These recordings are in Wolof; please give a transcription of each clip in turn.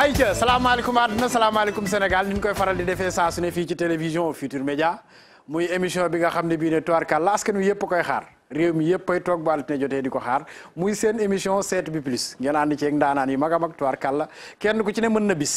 ayca salaamaaleykum àdduna salaamaaleykum Sénégal ni ñu koy faral di defee saa su fii ci télévision Futur Média muy émission bi nga xam ne bii ne tubaarkàlla askan wi yëpp koy xaar réew mi yëpp koy toog ba altine jotee di ko xaar muy seen émission set bi plus ngeen ànd ceeg ndaanaan yi mag a mag tubaarkàlla kenn ku ci ne mën na bis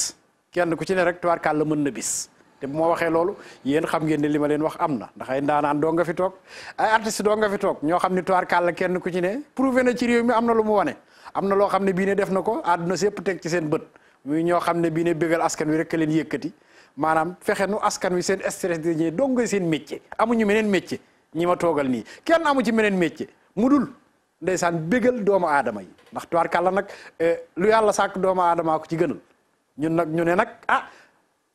kenn ku ci ne rek tubaarkàlla mën na bis. te bu ma waxee loolu yéen xam ngeen ne li ma leen wax am na ndax ay ndaanaan doo nga fi toog ay artiste doo nga fi toog ñoo xam ni tubaarkàlla kenn ku ci ne prouvé na ci réew mi am na lu mu wane am na loo xam ne bii ne def na ko àdduna sépp teg ci seen bët muy ñoo xam ne bii ne bégal askan wi rek leen yëkkati maanaam fexe nu askan wi seen stress di ñëw dong seen métier amuñu meneen métier ñi ma toogal nii kenn amu ci meneen métier mu dul ndeysaan bégal doomu aadama yi ndax tuwaar kàlla nag eh, lu yàlla sàkk doomu aadamaa ko ci gënal ñun nag ñu ne nag ah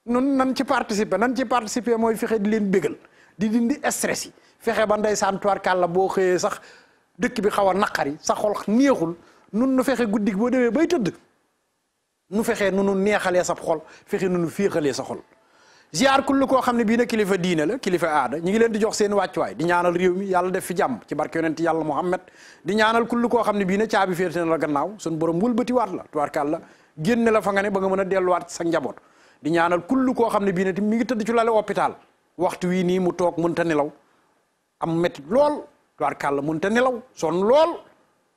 nun nan ci participer nan ci participer mooy fexe di leen bégal di dindi stress yi fexe ba ndeysaan tuwaar kàlla boo xëyee sax dëkk bi xaw a naqari sax xol neexul nun nu fexe guddi boo demee bay tëdd nu fexee nu nu neexalee sa xol fexe nu nu féexalee sa xol ziar kull koo xam ne bii na kilifa diine la kilifa aada ñu ngi leen di jox seen wàccuwaay di ñaanal réew mi yàlla def fi jàmm ci barke yonent yàlla Muhammad di ñaanal kull koo xam ne bii na caabi féete na la gannaaw sun borom wëlbatiwaat la tubaarkàl la génne la fa nga ne ba nga mën a delluwaat sa njaboot di ñaanal kull koo xam ne bii na mu ngi tëdd ci lale hôpital waxtu wii nii mu toog mënta nelaw am métti lool tubaarkàl la mënta nelaw son lool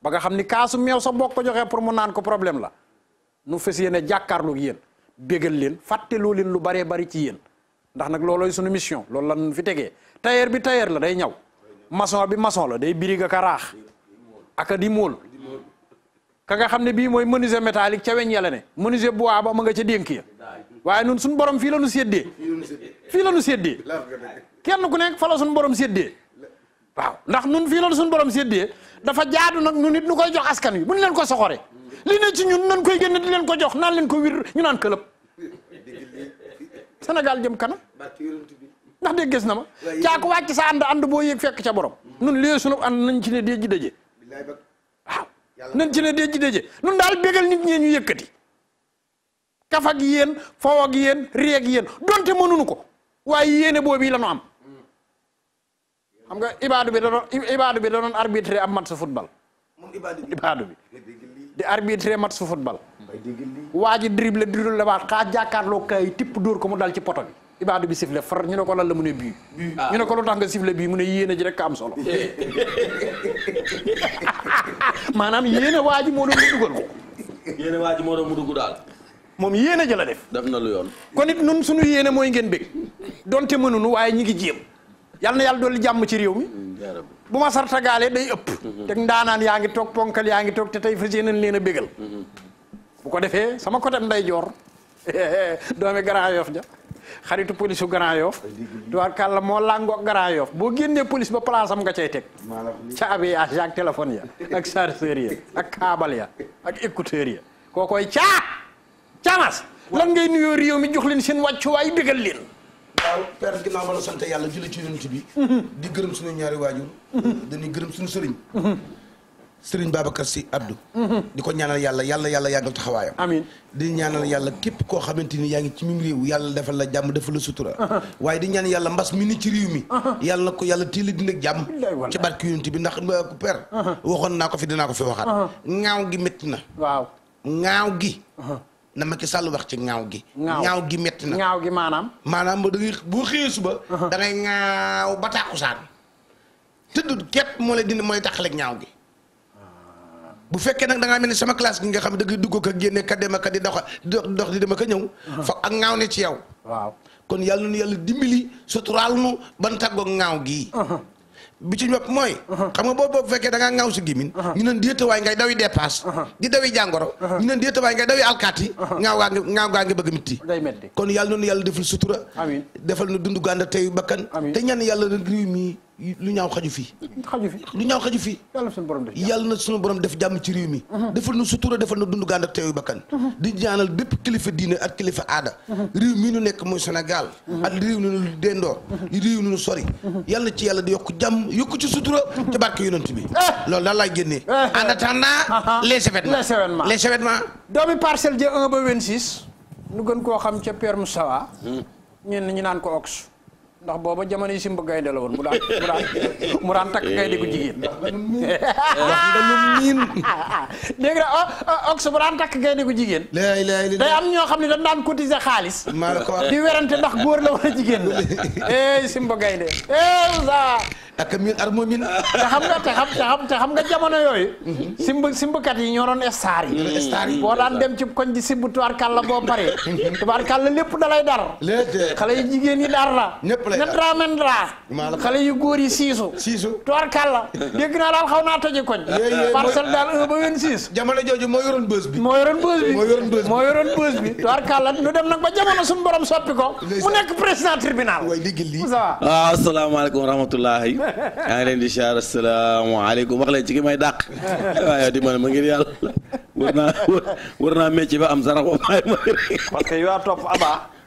ba nga xam ni kaasu meew sa bokk ko joxee pour mu naan ko problème la nu fas yéene jàkkaarloog yéen bégal leen fàtteloo leen lu baree bari ci yéen ndax nag loolooy suñu mission loolu la ñu fi tegee tailleur bi tailleur la day ñaw maçon bi maçon la day birig ak a ak di mool ka nga xam ne bii mooy menuisier métallique ca weñ yàlla ne menuisier bois ba ma nga ca dénk ya waaye suñu borom fii la nu séddee la nu séddee kenn ku nekk fa la suñu borom séddee waaw ndax nun fii la nu suñu borom séddee dafa jaadu nag nu nit nu koy jox askan wi bu ñu leen ko soxoree li ne ci ñun nan koy génne di leen ko jox naan leen ko wir ñu naan këlëb senegal jëm kanam ndax dégg gis na ma caako wàcc sa ànd ànd boo yéeg fekk ca borom mm. nun lée sunu ànd nañ ci ne dee ji daje nañ ci ne dee ji nun daal bégal nit ñee ñu yëkkati kaf ak yéen faw ak yéen ree ak donte mënunu ko waaye yéene boobu la ñu am mm. xam nga ibaadu bi da doon ibaadu bi da doon arbitré ibaadu bi di arbitré match su football. waa ji dribble dribble damaa xaa jàkkaarloo kaay tipp dóor ko mu dal ci poto bi. ibaadu bi sifle far ñu ne ko lan la mu ne bii. ñu ne ko lu tax nga sifle bii mu ne yéene ji rek ka am solo. maanaam yéene waa moo doon mu dugal ko. yéene waa ji moo doon daal. moom yéene ji la def. def na lu yoon. kon it nun suñu yéene mooy ngeen bëgg. donte mënuñu waaye ñi ngi jéem. yal na yàlla dolli jàmm ci réew mi. Mm, bu ma sartagaalee day ëpp teg ndaanaan yaa ngi toog ponkal yaa ngi toog te tey fas yéeneen leen a bégal bu ko defee sama côté nday joor doomi Grand Yoff ja xaritu police su Grand Yoff tuwaar kàlla moo làngoo Grand Yoff boo génnee police ba place am nga cay teg caabi ya ak téléphone ya ak chargeur ya ak kaabal ya ak écouteur ya koo koy caa caamas lan ngay nuyoo réew mi jox leen seen wàccuwaay bégal leen waaw père ginnaaw ba la sant yàlla julli ci yonent bi di gërëm suñu ñaari waajur dañuy gërëm suñu sëriñ sëriñ Babacar Sy Abdou di ko ñaanal yàlla yàlla yàlla yàggal taxawaayam amiin di ñaanal yàlla képp koo xamante ni yaa ngi ci mim réew yàlla defal la jàmm defal la sutura waaye di ñaan yàlla mbas mi ni ci réew mi yàlla na ko yàlla a dindi ak jàmm ci barke yonent bi ndax père waxoon naa ko fi dinaa ko fi waxaat uh-huh. ŋaaw gi métti na waaw ŋaaw gi uh-huh. na Macky Sall wax ci ŋaaw gi. ŋaaw gi métti na ŋaaw gi maanaam. maanaam ba da ngay boo xëyee suba. Uh-huh. da ngay ŋaaw tëdd képp moo lay dindi mooy taxaleeg ñaaw gi. Ah. bu fekkee nag da mel ni sama classe gi nga xam ne da ngay dugg ko génne ka dem di dox dox di dem ñëw. Uh-huh. foog ak ŋaaw ne ci yow. waaw kon yàlla nu yàlla dimbali suturaal nu ban tàggoog ŋaaw gii. Uh-huh. bi ci ñopp mooy uh-huh. xam nga boo boobu fekkee da ngaa ŋaaw si gémmiñ uh-huh. ñu neen déetawaay ngay dawi dépasse uh-huh. di dawi jàngoro ñu neen déetawaay ngay dawi alkaati ŋaaw gaa ngi ŋaaw gaa ngi bëgg mitti kon yàlla noonu yàlla defal sutura defal nu dund gu ànd tey bakkan te ñaan yàlla lu ñaaw xaju fii. xaju fii lu ñaaw xaju fii. yàlla na suñu borom def jàmm na suñu borom def jàmm ci réew mi. Mhm. defal na sutura defal na dundu gànd ak teewu bakkan. Mhm. di ñaanal bépp kilifa diine ak kilifa aada. Mhm. réew mi nu nekk mooy Sénégal. ak réew mi nu dendoor. réew mi nu sori. yàlla ci yàlla di yokk jàmm yokk ci sutura. ci barke yonent bi. Eh. lool daal laay génnee. Eh. en attendant les événements. les événements. doomi parcel ji 1 ba 26. ñu gën koo xam ca Père Moussawa. Hmm. ñenn ñi naan ko Ox. ndax booba jamono yi simba gaynde la woon mu daan mu daan mu daan takk gaynde gu jigéen. Eh. ndax gu jigéen. léegi léegi am ñoo xam ne dañ daan cotiser xaalis. di werante ndax góor la wala jigéen la. eh simba gaynde eh saa. ak miin ar moo miin te xam nga te xam te xam nga jamono yooyu mhm. yi ñoo doon star yi mm-hmm. star yi boo daan dem ci koñ di simb tubaarkàlla mm-hmm. lay dar xale yi jigéen dar la nan raa man raa xale yu góor yi siisu siisu toor kàlla dégg naa daal xaw naa toje koñ parcelle daal un ba wen siis jamono jooju moo yoroon bës bi moo yoroon bës bi moo yoroon bës nu dem nag ba jamono suñu borom soppi ko mu nekk président tribunal waay léegi lii waaw ah, asalaamaaleykum may dàq waaw yow di ma ne ma ngir yàlla ba am sarax ba maay parce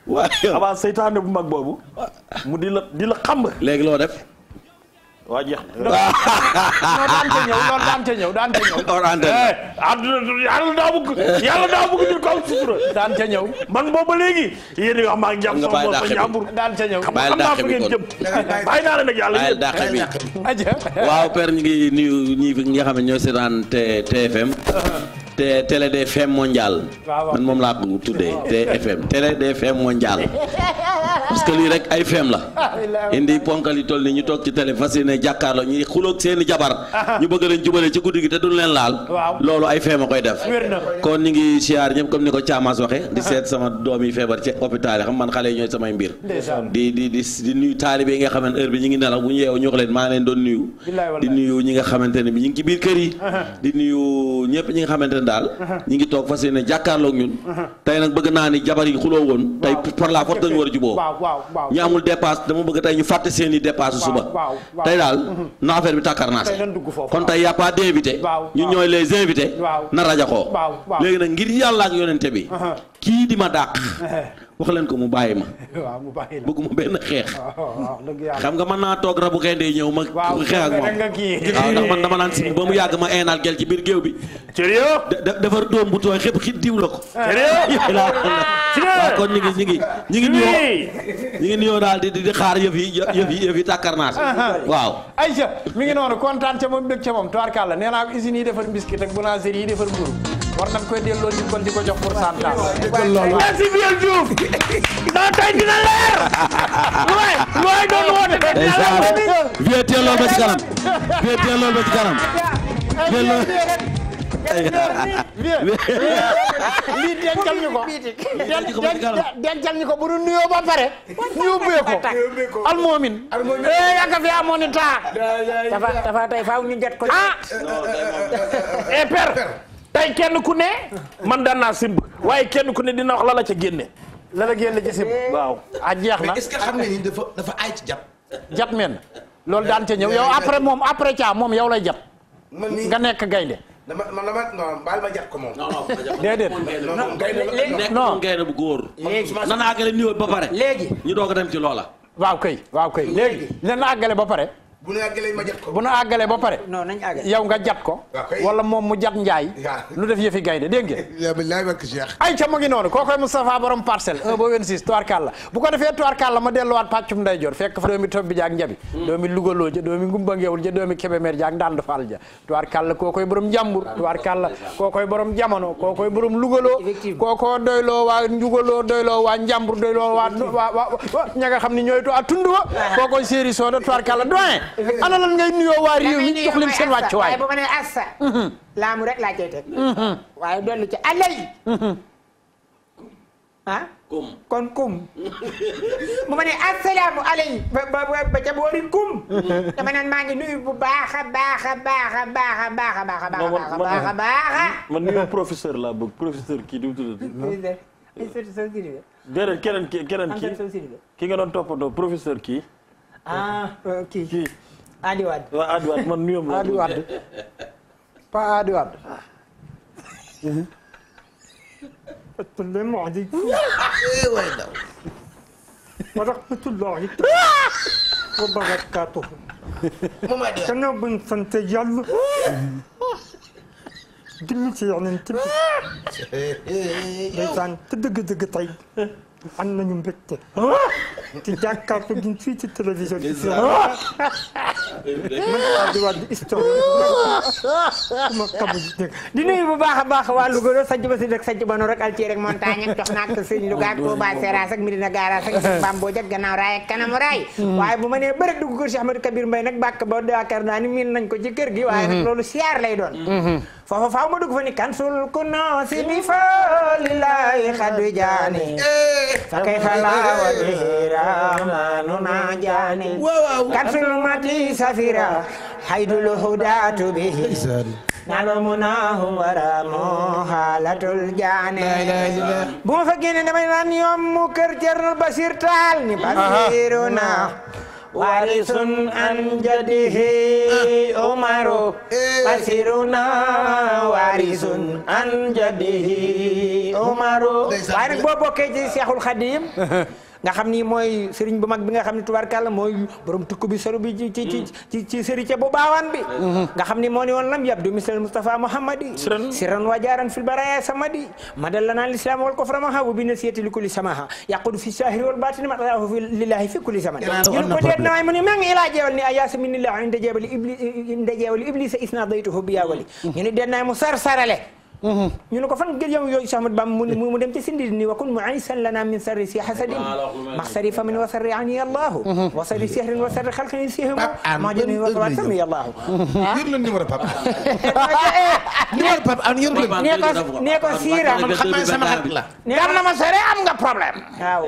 waaw avant seytaane bu mag boobu. mu di la di la léegi loo def. waa jeex na. non daan ca ñëw daan ca ñëw daan ca ñëw. or eh, antenne. àdduna yàlla daa bëgg yàlla daa bëgg ñu kaw sutura. daan ca ñëw man boobu ba léegi. yéen a ngi wax maa ngi jàmm sama bopp ñaambur. daan ca ñëw xam naa fu ngeen jëm. bàyyi naa la nag yàlla yëpp bàyyi waaw père ñu ngi nuyu ñi nga xam ne ñoo seetaan TFM. te télé DFM mondial. man moom laa ko tuddee TFM télé DFM mondial. parce lii rek ay FM la. indi ponkal yi toll nii ñu toog ci télé fas yéene jàkkaarloo ñuy xuloog seeni jabar. ñu bëgg leen jubale ci guddi gi te duñ leen laal. loolu ay FM a koy def. kon ñu ngi siyaar ñëpp comme ni ko Thiamas waxee. di seet sama doom yi feebar ci hôpital yi xam man xale yi ñooy samay mbir. di di di di nuyu taalibe nga xamante heure bi ñu ngi nelaw bu ñu yeewu ñu ko leen maa leen doon nuyu. di nuyu ñi nga xamante bi ñu ngi daal ñi ngi toog fas yéene jàkkaarloog ñun tey nag bëgg naa ni jabar yi xuloo woon tey par la force dañu war a juboo ñu amul dépasse dama bëgg tey ñu fàtte seen i suba tey daal mhm. na bi tàkkar naa kon tey y a ñu ñooy les invités na rajaxoo léegi nag ngir yàlla yonente bi kii di ma dàq wax leen ko mu bàyyi ma. waaw mu bàyyi la bëgguma benn xeex. Oh, oh, xam nga man naa toog rabu gaynde ñëw ma. xeex ak moom waaw ndax man dama naan si ba mu yàgg ma eenaal gel ci biir géew bi. cërëjëf defar doom bu tooy xëpp xit diw la ko. waaw kon ñu ngi ñu ngi ñu ngi nuyoo ñu ngi daal di di xaar yëf yi yëf yi yëf yi tàkkarnaas waaw. Aïcha mi ngi noonu kontaan ca moom bëgg ca moom tubaarkàlla nee naa ko usines yi defar biscuit war nañ koy delloo nit kon di ko jox pourcentage. dëgg la merci bien Diouf. non tey dina leer. waay waay doon woote de dina leer. vieux teel lool ba ci kanam. vieux teel lool ba ci kanam. vieux lool. lii dencal ñu ko dencal ñu ko bu nu nuyoo ba pare ñu ubbee ko almoomin ee eh, yàgg fi amoon taa ah. dafa dafa tey faaw ñu jot ko ah ee eh, per tey kenn ku ne man daan naa simb waaye kenn ku ne dina wax la la ca génne. la la génne ci simb waaw. a ah, jeex na mais que xam nga ni dafa dafa aay ci jàpp. jàpp men loolu daan ca ñëw yow moom après caa moom yow lay jàpp. nga nekk gaynde dama man dama non baal ma jàpp ko moom. non non déedéet non gaynde bu góor. léegi na naa àggale nuyoo ba pare. léegi ñu doog a dem ci loola. waaw kay waaw kay léegi na naa àggale ba pare. bu nu àggalee ma ko bu nu ba pare. non nañ àggale yow nga jat ko. wala moom mu jat njaay. lu def yëfi gaynde dégg ngeen. yaa ngi lay wax Cheikh. ay ca mu ngi noonu kookoy Moustapha borom parcelle 1 ba 26 Toarkalla bu ko defee Toarkalla ma delluwaat pàccum ndeyjoor fekk fa doomi Tobbi Jaak Njabi. Hmm. doomi Louga Lo ja doomi Ngumba Ngeewul ja doomi Kebemer Jaak Ndand Fall ja Toarkalla kookoy borom Njambur Toarkalla kookoy borom Jamono kookoy borom Louga Lo. kookoo doyloo waa Njuga Lo doyloo waa Njambur doyloo waa ña nga xam ne ñooy tu a tund wa kookoy séeri sooda Toarkalla doyen ana lan ngay nuyoo waa réew mi jox leen seen wàccuwaay bu ma nee assa mhm. laamu rek laa cay teg mhm. waaye dolli ci alay mhm. ah kum kon kum bu ma nee assalaamu alay ba ba ca boori kum dama naan maa ngi nuyu bu baax a baax a baax a baax a baax a baax a baax a baax a baax man nuyoo professeur laa bëgg professeur kii di mu tudd déedéet keneen ki keneen ki ki nga doon toppandoo professeur kii ah euh, kii kii. Adi Wade waaw Adi Wade man nuyoom la. Adi Wade pas Adi Wade. tulle moo di. waay daw. ma tax ku tulle moo di. wa barakaatu. moom Adi Wade gannaaw bu ñu sant yàlla. julli ci yonent bi. ndeysaan te dëgg-dëgg tey. am nañu mbégte ci jàkkaarloo gi fii ci télévision bi. di nuyu bu baax a baax waa Louga doon sàcc ba si rek sàcc ba noonu rek altier rek montagne ak jox naa ko sëñ Louga ak Touba Seras ak Medina Garaas ak Bambo jag gannaaw raay ak waaye bu ma nee bëri dugg kër Cheikh Kabir Mbaye nag bàkk ba yaakaar naa ni miin nañ ko ci kër gi. waaye nag mhm. loolu siyaar lay doon. Mhm. foofa faaw ma dugg fa ni kansul ku noo si bi eh. fa lillahi xadu jaani fa kay fa laa wa rahmanu na jaani kansul mati safira haydul hudaatu bihi nalomunahu waramu haalatul jaane bu ma fa génne damay naan yoom mu kër Cerno Basir Taal ni basiru na وارث عن جده عمر مسيرنا وارث عن جده عمر waaye nag boo bokkee ci Seexul Xadiim nga xam ni mooy sëriñ bu mag bi nga xam ni tubarkàlla mooy borom tukku bi soro bi ci ci ci mm. ci sëriñ bu bi mm-hmm. nga xam ni moo ni woon lam yabdu misal Mustafa Muhammadi sirran wa jaaran fil baraya samadi madallana al islam wal kufra maha wa bi nasiyati li kulli samaha yaqudu fi sahiri wal batini ma ta'ahu fi lillahi fi kulli zaman ñu ko deet na mu ni ma ngi ila jeewal ni sa minillah inda jeewal iblis inda jeewal iblis isna daytuhu bi ya wali mm-hmm. ñu Mm-hmm. ñu ne ko fan gëj yow yooyu Cheikh Ahmad Bam mu dem ci sindi ni wa kun mu aysan lana min sarri si hasadin maxsari famin wa sarri ani allahu mm-hmm. wa sarri sihrin wa sarri xalqin sihima ma joni wa tawasami allahu mm-hmm. ah? yor leen numéro pap numéro pap an yor leen ne ko ne ko siira man xam naa sama xarit la gar na ma sore am nga problème waaw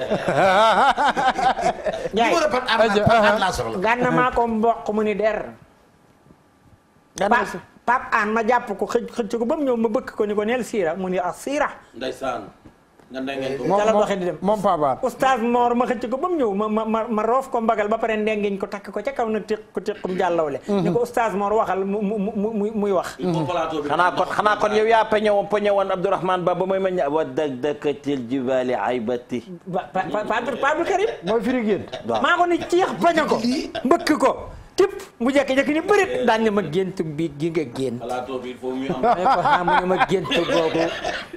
numéro pap am la soxla gar na maa ko mboq mu ni der Pape An ma jàpp ko xëj xëj ko ba mu ñëw ma bëkk ko ni ko neel siira mu ni a ah, siira. ndeysaan. dala doxe di dem moom Pape An Mor ma xëcc ko ba mu ñëw ma ma ma ma ko mbagal ba pare ndengeñ ko takk ko ca kaw nag téq ko téqum jàllawle mhm. ni ko oustaz Mor waxal mu mu mu muy wax xanaa kon xanaa kon yow yaa peñe woon peñe woon Abdourahmane Ba ba mooy mañ wa dag dëkkatil jibali aybati ba Abdou Karim mooy firi génn ko ni ciix peñe ko mbëkk ko tëpp mu jékki-jékki ni bërit eh. daan ne ma géntu bi gi nga gént may ko xam ah, ne ma gént googu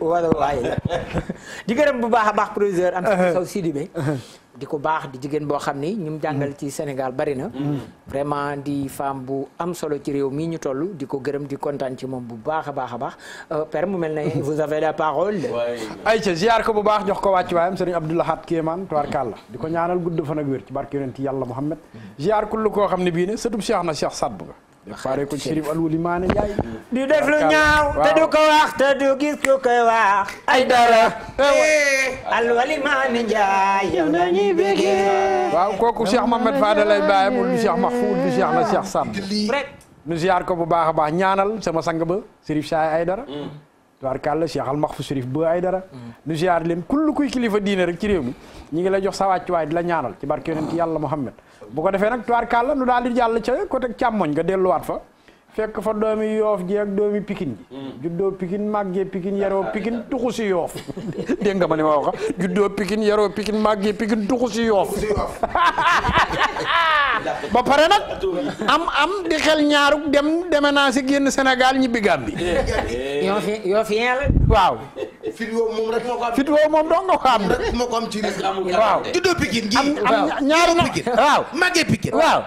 wala waaye la di gërëm bu baax a baax producteur am saw Sidibé uh-huh. di ko baax di jigéen boo xam ni ñu jàngal mm. ci Sénégal bari na. Mm. vraiment di femme bu am solo ci réew mii ñu toll di ko gërëm di kontaan ci moom bu baax a baax a baax euh, père mu mel ne vous avez la parole. ay ayca ziar ko bu baax jox ko wàcc waayam sëriñ Abdou Lahad Kéemaan tubaarkàlla di ko ñaanal gudd fan ak wér ci barke yonent yàlla Muhammad mm. ziar kullu koo xam ne bii ne sëtub Cheikh na Cheikh Sadbu nga pare ko Chérif Alwali Maane Njaay di def lu ñaaw te du ko wax te du gis ku koy wax ay dara eh, Alwali Maane Njaay yow nañuy bégee waaw kooku Cheikh Mohamed Fadel lay baayamul du Cheikh Mahfoud du Cheikh na Cheikh Samb nu ziar ko bu baax a baax ñaanal sama sang ba Chérif Saay ay dara tubaarkàlla Cheikh Al Mahfou Chérif ba ay dara nu ziar leen kull kuy kilifa diine rek ci réew mi ñi ngi lay jox sa wàccuwaay di la ñaanal ci barke yonent yàlla Muhammad bu ko defee nag tuwaar kàlla nu daal di jàll ca côté càmmoñ nga delluwaat fa fekk fa doomi yoof ji ak doomi pikin ji mm. juddoo pikin màggee pikin yaroo pikin tuxu si yoof dégg nga ma li ma wax juddoo pikin yaroo pikin màggee pikin tuxu si yoof ba pare nag am am di xel ñaarug dem deme naa si génn Sénégal ñibbi Gàmbi eh. yoof yoof waaw fit woowu moom rek moo ko am fit waaw juddoo pikin waaw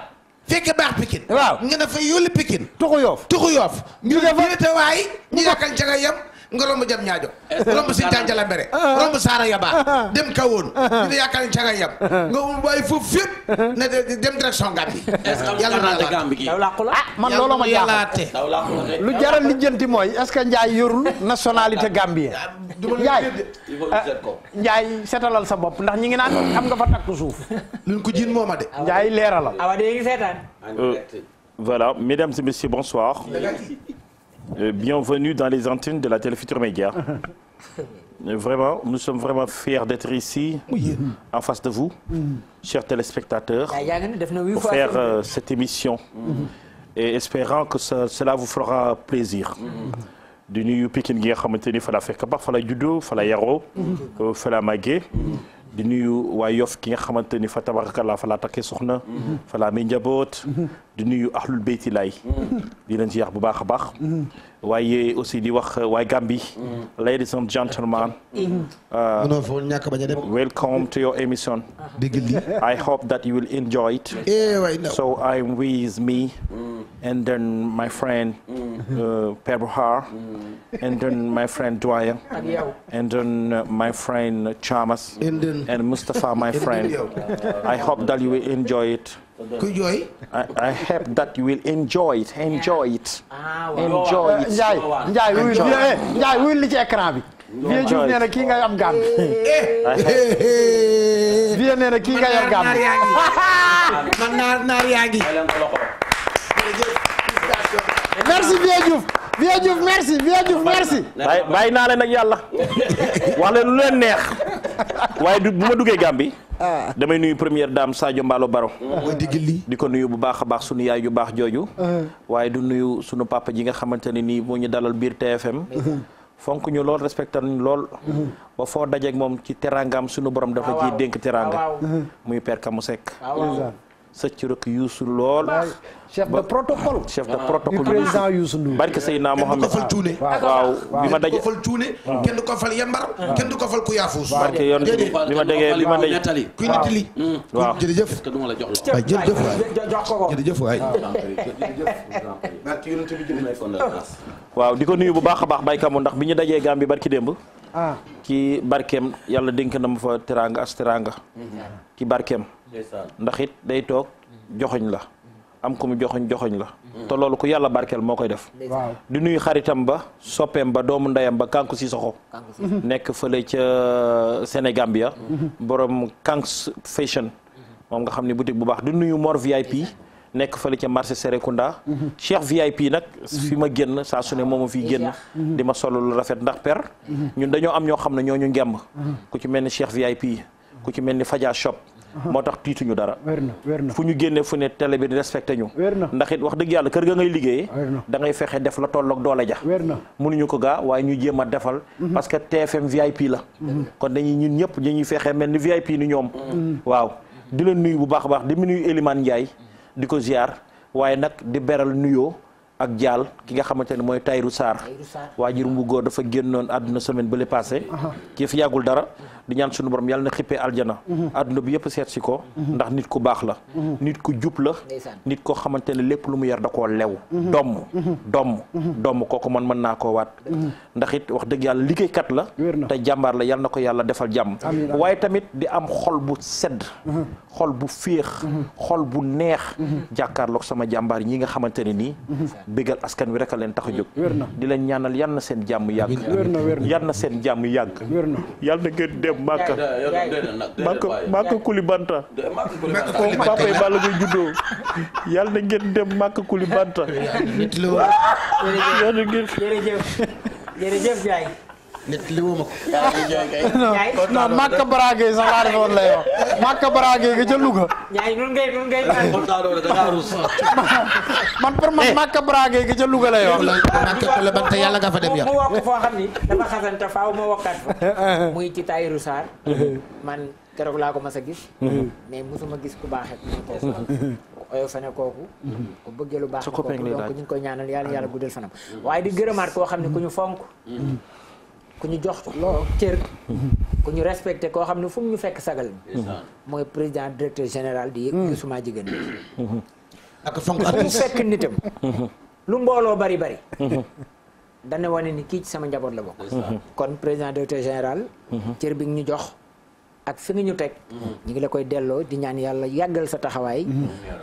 fekke baax pikin waaw nga ne fa yóolu pikin tuxu yoof tuxu yoof ñu waay ñu ne kan ca yem nga romb jam ñaajo romb si jànjala mbere romb saara yabaa ah. dem kawoon ah. ñu ne ah. dem direction Gambie yàlla man loolu ma jaaxal lu jaral lijjanti mooy est-ce que Ndiaye yorul nationalité Gambien Ndiaye Ndiaye seetalal sa bopp ndax ñi ngi naan xam nga fa takk suuf luñ ko jiin mooma de Ndiaye leeralal Euh, bienvenue dans les antennes de la Télé Futurs Médias. Euh, vraiment, nous sommes vraiment fiers d'être ici, en face de vous, mm -hmm. chers téléspectateurs, ah, pour faire euh, cette émission. Mm -hmm. Et espérant que cela vous fera plaisir. Mm -hmm. di nuyu Pikine gi nga xamante ni fa la fekk baax fa la juddoo fa la yaroo. Mhm. Euh, fa la màggee. Mhm. di nuyu waa Yoff ki nga xamante ni fa tabarakallah fa la takkee soxna. Mhm. fa la amee njaboot. di nuyu ahlul beyti laay di leen ci yax bu baax a baax waaye aussi di wax waay Gambie ladies and gentlemen mënoo mm-hmm. euh, foo ñàkk bañ a dem welcome to your émission I hope that you will enjoy it eh, so I am with me and then my friend mm-hmm. euh, Père Bohar mm-hmm. and then my friend Douaya and then uh, my friend Chamas and Mustafa my friend I hope that you will enjoy it kuy jooy. I hope that you will enjoy it enjoy it. Ah, enjoy it eh, Ndiaye Ndiaye wuy Ndiaye wuy li ci écran bi. Vieux Diouf nee na kii ngay am gaan. Eh. Eh. Vieux nee na kii ngay am gaan. man naar naar yaa ngi. merci Vieux Diouf. Vieux Diouf merci Vieux bàyyi naa leen ak yàlla wax leen lu leen neex waaye du bu ma duggee Gàmbi ah. damay nuyu première daam Sadio Mballo Baro. digg di ko nuyu bu baax a baax sunu yaay bu baax jooju. Ah. waaye du nuyu sunu papa ji nga xamante ne nii boo ñu dalal biir TFM. Ah. fonk ñu lool respecté ñu lool. ba foo dajeeg moom ci teraangaam sunu borom dafa ciy dénk teraanga. muy Père mu Seck. sëcc rek Youssou lool. chef de protocole. chef de protocole président Youssou Ndour. barke Seydina Mohamed waaw bi ma daje. kenn du ko fal yembar. kenn du ko fal ku yaafuus. barke yoon bi ma déggee bi ma waaw jërëjëf. est-ce que du ma jox la. jërëjëf waay jox ko ko ah. waaw di ko nuyu bu baax a baax baykamu ndax bi ñu dajee Gambie barki démb. Ah. ci barkeem yàlla dénk na ma fa teraanga as teraanga. Mhm. ci barkeem. ndax it day toog joxoñ la am ku mu joxoñ joxoñ la te loolu ku yàlla barkeel moo koy def di nuyu xaritam ba soppeem ba doomu ndeyam ba kànku si soxo nekk fële ca euh, Sénégambia mhm. borom Kanks Fashion mhm. moom nga xam ne boutique bu baax di nuyu Mor VIP nekk fële ca marché Serekunda mhm. Cheikh VIP nag fi ma génn saa su ne mooma fii génn di ma solo lu rafet ndax per ñun dañoo am ñoo xam ne ñooñu ngemb ku ci mel ni Cheikh VIP ku ci mel ni Fadia Shop moo tax tiituñu dara fu ñu génne fu ne télé bi respecté ñu ndax it wax dëgg yàlla kër ga ngay liggéeyee da ngay fexe def la tolloog doole ja mënuñu ko gaa waaye ñu jéem a defal mhm. parce que TFM VIP la mhm. kon dañuy ñun ñëpp dañuy fexe mel ni VIP ni ñoom mhm. waaw di la nuyu bu baax a baax di mu nuyu Elimane Ndiaye di ko ziar waaye nag di beral nuyoo ak jaal ki nga xamante ne mooy Tayru Sarr waajurum bu góor dafa génnoon àdduna semaine bële passé ci fi yàggul dara di ñaan suñu borom yàlla na xippee aljana mhm. àdduna bi yëpp seet si ko mhm. ndax nit ku baax la mhm. nit ku jub la nit koo xamante ne lépp lu mu yar da koo lew domm domm domm kooku man mën naa koo waat ndax wax dëgg yàlla liggéeykat la te jàmbaar la yàlla na ko yàlla defal jàmm waaye tamit di am xol bu sedd mhm. xol bu féex mhm. xol bu neex mhm. jàkkaarloog sama jàmbaar ñi nga xamante ne nii bégal askan wi rek a leen tax a jóg di leen ñaanal yal na seen jàmm yàgg yal na seen jàmm yàgg yal na ngeen dem màkka màkka màkka kulibanta foofu papay na ngeen dem màkka kulibanta jërëjëf Ndiaye. nit li woo ma ko. Ndiaye non Màkka Baraage sax laa defe woon lay Baraage gi ca Louga. man pour man eh. Màkka Baraage gi ca Louga lay wax. la ban te yàlla nga fa dem yow. mu wokk foo xam ni dafa xasan te ma wokkaat fa. Eh, eh, muy ci Tahirou Sarr. Mm-hmm. man keroog laa ko mas a gis. Mm-hmm. mais mosuma gis ku baaxee. oyofa ne kooku mhm. ku bëggee lu baax ne kooku ñu ngi koy ñaanal yàlla yàlla guddal fanam waaye di gërëmaat koo xam ne ku ñu fonk mhm. ku ñu jox loo cër mhm. ku ñu respecté koo xam ne fu mu ñu fekk sagal mooy président directeur général di Youssouma Jigéen ak fonk fu mu fekk nitam lu mbooloo bari bari dana wane ni kii ci sama njaboot la bokk kon président directeur général cër bi ñu jox ak fi nga ñu teg ñu ngi la koy delloo di ñaan yàlla yàggal sa taxawaay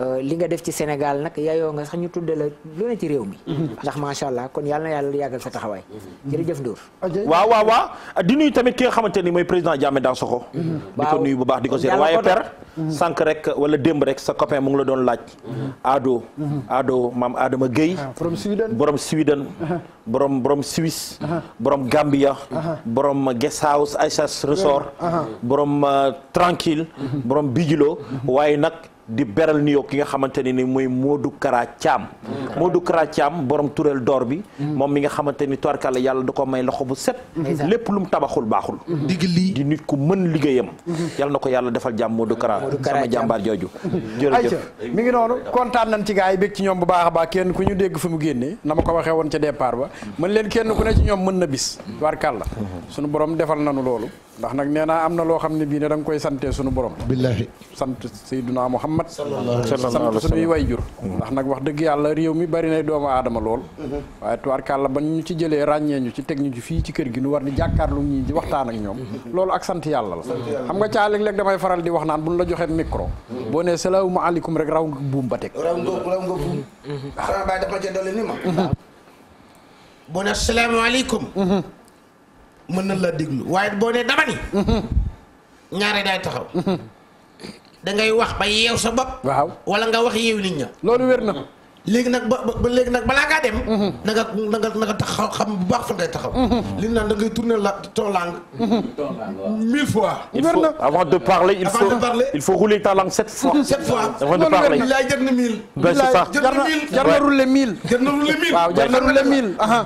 euh, li nga def ci Sénégal nag yaayoo nga sax ñu tudde la lu ne ci réew mi ndax macha allah kon yàlla na yàlla yàggal sa taxawaay jërëjëf Ndour waaw waaw waaw di nuyu tamit ki nga xamante ni mooy président Diamé Dansokho di ko nuyu bu baax di ko seet waaye per sànq rek wala démb rek sa copain mu ngi la doon laaj Ado Ado maam Adama Gueye ah, borom Sweden borom Sweden borom ah. Gambia ah. borom Guest House borom euh, tranquille borom bijilo waaye nag di beral nuyoo ki nga xamante ne ni mooy Modou Kara Thiam Modou Kara Thiam borom tureel door bi mm-hmm. moom mi nga xamante ni tubarkàlla yàlla da ko may loxo bu set lépp lu mu tabaxul baaxul mm-hmm. digg lii di ku mën liggéeyam mm-hmm. yàlla na ko yàlla defal jàmm Modou Kara sama jàmbaar jooju jërëjëf mi ngi noonu kontaan nañ ci gars yi bég ci ñoom bu baax a kenn ku ñu dégg fu mu génne na ma ko waxee woon ca départ ba mën leen kenn ku ne ci ñoom mën na bis tubarkàlla sunu borom defal nanu loolu ndax nag nee naa am na loo xam ne bii ne da koy sante sunu borom billahi sant sayduna muhammad sant suñuy way jur ndax nag wax dëgg yàlla réew mi bari na doomu aadama lool waaye tubaarkàlla ba ñu ci jëlee ràññee ñu ci teg ñu fii ci kër gi nu war di jàkkaarlu ñii di waxtaan ak ñoom loolu ak sant yàlla la xam nga caa léeg-léeg damay faral di wax naan bu ñu la joxee micro boo nee salaamu aleykum rek raw nga buum ba teg raw nga raw nga buum mm-hmm. sama mm-hmm. boo nee salaamu aleykum mm-hmm. mën na laa déglu waaye boo ne dama ni. Mhm. ñaare daay taxaw. Mhm. da wax ba yeew sa bopp. waaw wala nga wax yeew nit ña. loolu wér na. léegi nag ba ba léegi nag balaa ngaa dem. Mhm. na nga na nga xam bu baax fan ngay taxaw. Mhm. li naan da ngay tourner la ton langue. Mhm. mille fois. il faut avant de parler il faut rouler ta sept fois. avant de parler. bilaay jar mille. jar na mille. jar na mille. waaw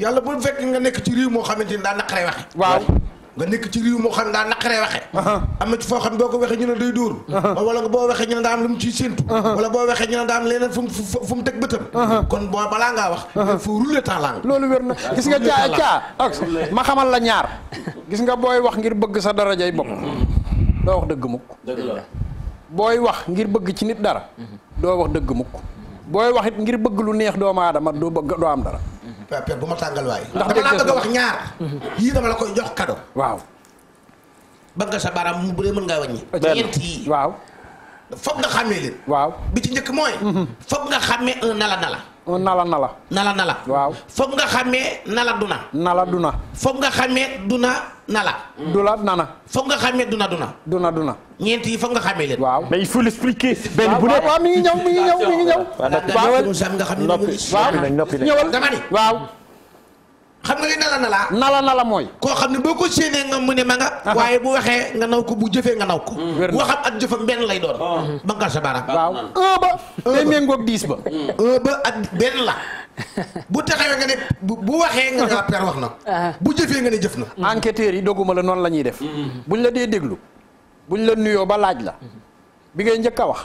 jar bu fekk nga nekk ci réew moo xamante ni daa naqaree wax. waaw. nga nekk ci réew moo xam ne daa naqaree waxe am na ci foo xam boo ko waxee ñu ne day dóor wala nga boo waxee ñu ne daa am lu mu ciy séentu boo waxee ñu ne daa am leneen fu mu fu mu bëtam kon boo balaa ngaa wax il faut rouler ta langue loolu wér na gis nga caa caa ma xamal la ñaar gis nga booy wax ngir bëgg sa darajay bopp doo wax dëgg mukk dëgg la booy wax ngir bëgg ci nit dara mhm. doo wax dëgg mukk booy wax ngir bëgg lu neex doomu aadama doo bëgg doo am dara. bu ma tàngal ndax dama laa bëgg a wax ñaar. yii dama la koy jox kado. waaw. bëgg nga sa baaraam bu dee mën ngaa wàññi. ñeent yii waaw. foog nga xàmmee leen. waaw bi ci njëkk mooy. foog nga xàmmee nala nala. nala nala. nala nala. waaw foog nga xamee nala duna. nala duna. foog nga xamee duna nala. dula nana. foog nga xamee duna duna. duna duna. ñeent yi foog nga xamee leen. waaw mais il faut l'expliquer. benn bu nekk waaw mi ngi ñëw mi ngi ñëw mi ngi ñëw. waaw nga xam ne noppi noppi ñëwal dama ni waaw. xam nga li nala nala. nala nala mooy. koo xam ne boo ko séenee nga mu ne ma nga. waaye bu waxee nga naw ko bu jëfee nga naw ko. Mm. waxam ak jëfam benn lay doon. Ah. ba nga sa baaraam. ba. day méngoog dix ba. ak benn la. bu taxawee nga ne bu waxee nga ne wax na. bu jëfee nga ne jëf na. Mm. enquêteurs yi doguma la noonu la ñuy def. Mm-hmm. buñ la dee déglu. buñ la nuyoo ba laaj la. bi ngay njëkk a wax.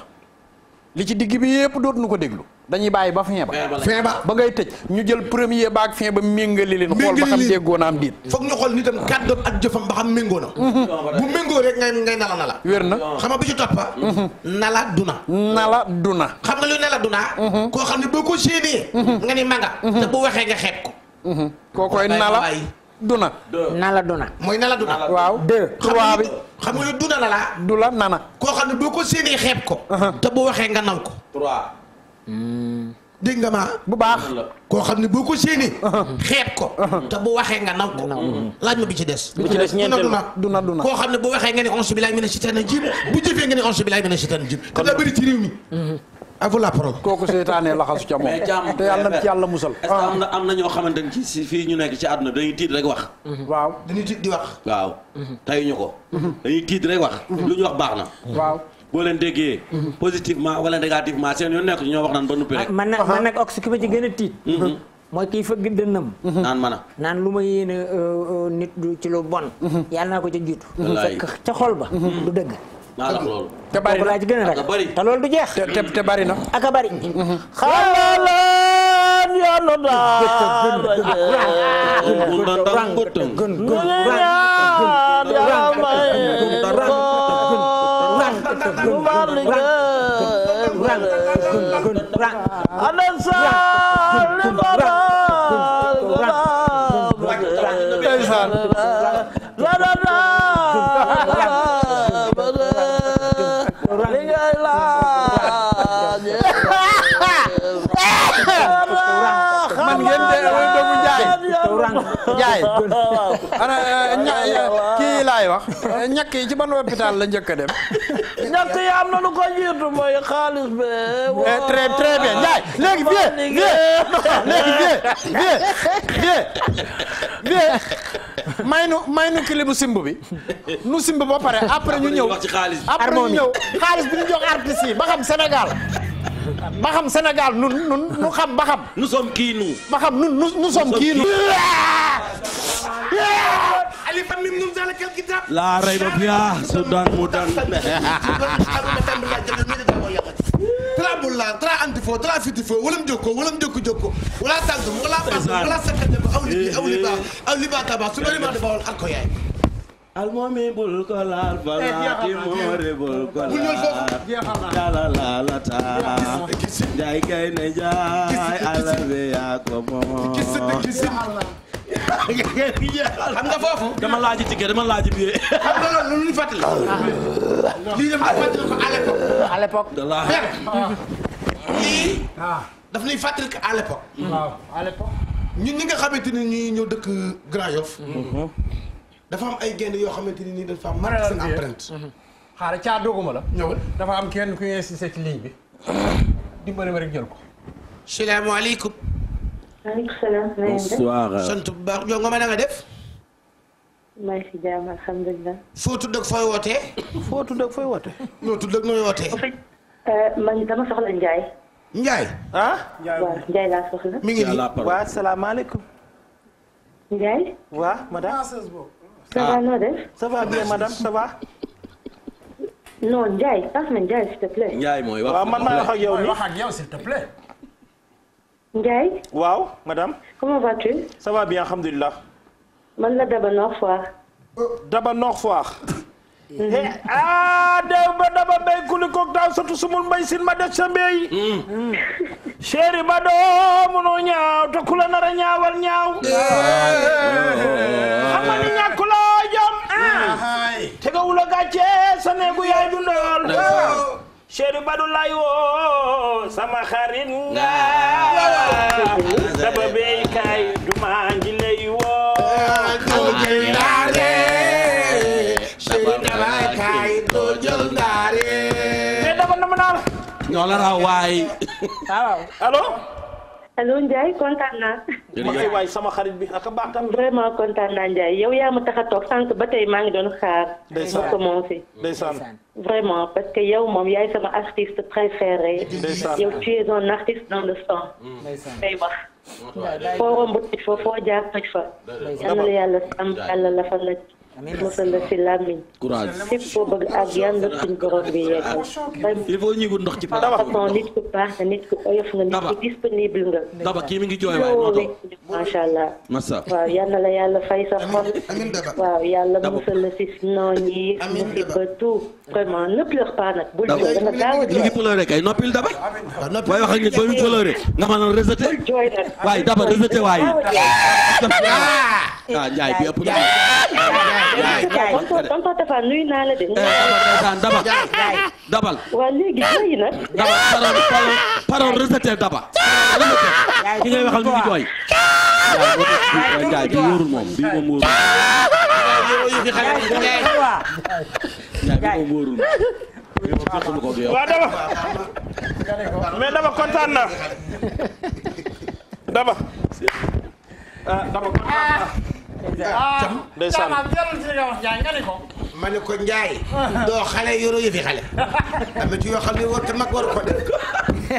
li ci digg bi yépp dootuñu ko déglu. dañuy bàyyi ba fin ba ba ba ngay tëj ñu jël premier ba ak fin ba méngale leen xool ba xam déggoo na am diit foog ñu xool nitam kàddoom ak jëfam ba xam na mhm. bu méngoo rek ngay ngay nala nala wér xam nga bi ci toppa mhm. nala duna nala duna xam nga lu nala duna mhm. koo xam ne boo ko séenee nga ni manga te bu waxee nga xeeb ko kookoy nala duna nala duna mooy nala duna waaw deux trois bi xam koo xam ne boo ko séenee xeeb ko uh-huh. te bu waxee nga naw ko dégg nga maa bu baax koo xam ne boo ko séenee uh-huh. xeeb ko uh-huh. te bu waxee nga naw ko mm-hmm. laaj ma bi ci des bu ci des ñeenteel du na du koo xam ne bu waxee nga ne once bi laay mën a si tane jib bu jëfee nga ne once bi laay mën a si te daa bëri ci réew mi mm-hmm. à vous la parole kooku seetaanee laxasu ca moom te yàlla na ci musal est que am na ah. am na ñoo xamante ne ci fii ñu nekk ci àdduna dañuy tiit rek wax mm-hmm. waaw dañuy tiit di wax waaw tayuñu ko dañuy tiit rek wax lu ñu wax baax na boo leen déggee. positivement wala négativement seen yoon nekk ñoo wax naan ba noppi rek. Ah, man nag man nag ox ki ma ci gën a tiit. Mhm. mooy kii fëgg dënnam. Mhm. naan man a naan lu ma yéene euh, euh, nit ci lu bon. Mhm. yàlla naa ko ca jiitu. fekk ca xol ba. du dëgg. maa la loolu. te bari na ci gën a ragal te loolu du jeex. te te bari na. ak a bari. xalaat yoonu daal. gën gën gën Umar gën ana saali rang eh, eh, wax ñàkk yi ci ban hôpital la njëkk a dem ñàkk yi am na lu ko jiitu mooy xaalis bi eh, très bien jaay léegi bien bien bien may nu may nu kilibu simb bi nu simb ba pare après ñu ñëw xaalis bi ñu jox artistes yi ba xam Sénégal ba senegal Sénégal nun nun nu xam ba xam. nous sommes qui nous. ba xam nun nous sommes qui nous. Ali fan mi nun dala kel kitab. laa rey ba mu jokko jokko jokko wala tàggu wala wala sakkat ko aw li aw li baa almomi bul ko laal eh, falaati moore bul ko laal jala laalata njaay kay ne njaay daf ah. lii ah. Ah. daf ñuy fàttali ko à l'époque xamante ni ñuy ñëw dëkk Grand Yoff mm-hmm. dafa am ay gaynde yoo xamante ni nii dafa am marqué seen empreinte mhm. xaaral caa la ñëwal dafa am kenn ku insisté ci ligne bi dimbali ma rek jël ko salaamaaleykum maaleykum bu baax Diop nga ma nga def. maa ngi si foo tudd ak fooy wootee. foo tudd ak fooy wootee. noo tudd nooy wootee. Euh, man dama soxla Ndiaye. Ndiaye. ah. waaw laa soxla. mi ngi nii waaw salaamaaleykum. Ndiaye. waaw madame. ça va ah. noo def. ça va bien madame ça va. non Ndiaye passe ma Ndiaye s'il te plaît. Ndiaye mooy wax man maa wax ak yow nii wax ak yow s'il te plaît. Ndiaye. waaw madame. comment vas-tu. ça va bien alhamdulilah. man la Daba Noor Foire. Euh, Daba Noor Foire. Mm. Eh, ah Daba Daba mbay ku li koog daaw surtout sumul mbay sin ma def sa mbéy. Mm. Mm. chéri ba doo munoo ñaaw te ku la nar a ñaawal ñaaw. Eh. xam nga ni ñàkk la tegawul a gàcce sa neegu yaay du ndool Cheikh Badou Laye sama xarit nga du maa ngi lay woo doo jël ndaare Cheikh daba kaay doo jël ndaare mais daba na ma naa la ñoo la allo Ndiaye kontaan naa. jërëjëf waay sama xarit bi ak a baax naa Ndiaye yow yaa ma tax a toog sànq ba tey maa ngi doon xaar. ndeysaan ma commencé. ndeysaan vraiment parce que yow moom yaay sama artiste préféré. ndeysaan yow tu es un dans le sang. Mm. ndeysaan day wax. foo romb tëj fa foo jaar tëj fa. yàlla yàlla sàmm yàlla la fa la. mosal la si làmmiñ courage fépp foo bëgg ak yàlla suñ borom bi yeggal ah, il faut ñu wut ndox ci façon nit ku baax nga nit ku oyof nga nit ku disponible nga daba kii mi ngi jooy waay moo toog macha allah masa waaw yal na la yàlla fay sa xol waaw yàlla mosal la si noon yi musiba tout vraiment ne pleure pas nag bul jooy danga gaaw a jooy ñu ngi pleuré kay noppil daba waaye wax ak nit ba ñu pleuré nga mën a rejeté waaye daba rejeté waaye ah Njaay bi ëpp na tonton Tafa nuyu de. dabal dabal. waaw léegi jooy na. dabal parole parole parole rejeté dabal. ki ngay waxal ñu ngi jooy. waaw Ndiaye bi wóorul moom bi moom wóorul. Ndiaye bi wóorul. waaw daba mais daba kontaan na daba ah, daba kontaan na. Ah, ah Thiam ah Thiam nga ni ko. ma ne ko Ndiaye. doo xale yoroo yëfi xale. am na ci yoo xam ne war te mag war ko def.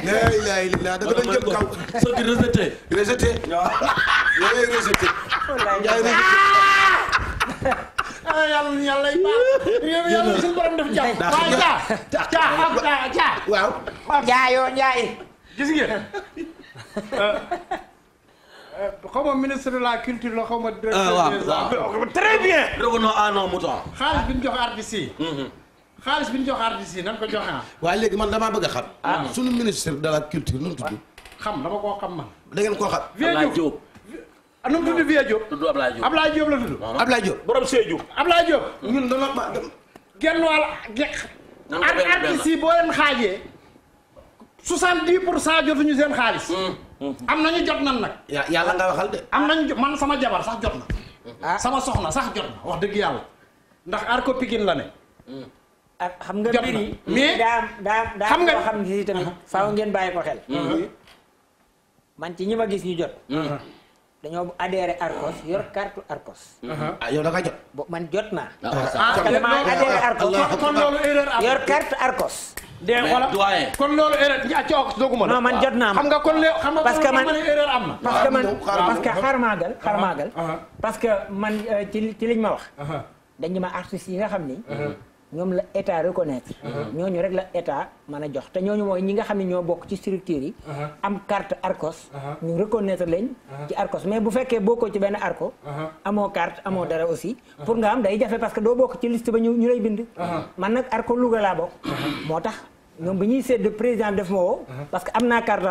laa ilaaha illallaah da nga doon jëm kaw. soo di rejeté. rejeté waaw. yooyu rejeté. Ndiaye rejeté. Ah! yàlla na yàlla yi baax yàlla na suñu borom def jàmm. waaw caa caa caa waaw. jaayoo Ndiaye. gis ngeen. Euh, xaw ma ministre de la culture la xaw ma. directeur euh, des arts euh, très bien. revenons à nos moutons. xaalis bi ñu jox artistes yi. Mm-hmm. xaalis bi ñu jox artistes yi nan ko joxe ah. waaye léegi man damaa bëgg a xam. ah sunu ministre de la culture nu mu tudd. xam dama koo xam man. da ngeen koo xam. Ablaye Diop nu mu tudd Vieux Diop. tudd Ablaye Diop Ablaye Diop la tudd. Ablaye Diop borom Sédhiou. Ablaye Diop. Mm-hmm. ñun dana ba genn wàll gex. nan artistes yi boo leen xaajee. 70 pour cent jotuñu seen xaalis. Mm. am na nañu jot nan nag. yàlla nga waxal de. am nañu man sama jabar sax jot na. Ah. sama soxna sax jot na wax dëgg yàlla. ndax arko pikin la ne. ak ah, xam nga mbir yi mais daa daa daa xam nga xam si tamit uh-huh. faaw ngeen bàyyi ko xel. Uh-huh. man ci ñi ma gis ñu jot. Uh-huh. dañoo adhéré Arcos yor carte Arcos. Uh-huh. ah yow jot. bo man jot naa. ah damaa ah, ah, adhéré Arcos kon loolu erreur am man jot naa ma nga kon léegi xam nga parce que man na. parce que ah, man parce que xarmaagal uh-huh. parce que man euh, ci ci liñ ma wax. Uh-huh. dañ ma artistes yi nga xam ni. ñoom la état reconnaître uh-huh. ñooñu rek la état mën a jox te ñoo ñu mooy ñi nga xam ne ñoo bokk ci structure yi uh-huh. am carte arcos uh-huh. ñu reconnaître lañ ci arcos mais bu fekkee bokkoo ci benn arco amoo carte amoo dara aussi pour nga am day jafe parce que doo bokk ci liste ba ñu ñu lay bind man nag arco Louga laa bokk moo tax ñoom bu ñuy seetlu président def moo uh-huh. parce que am naa carte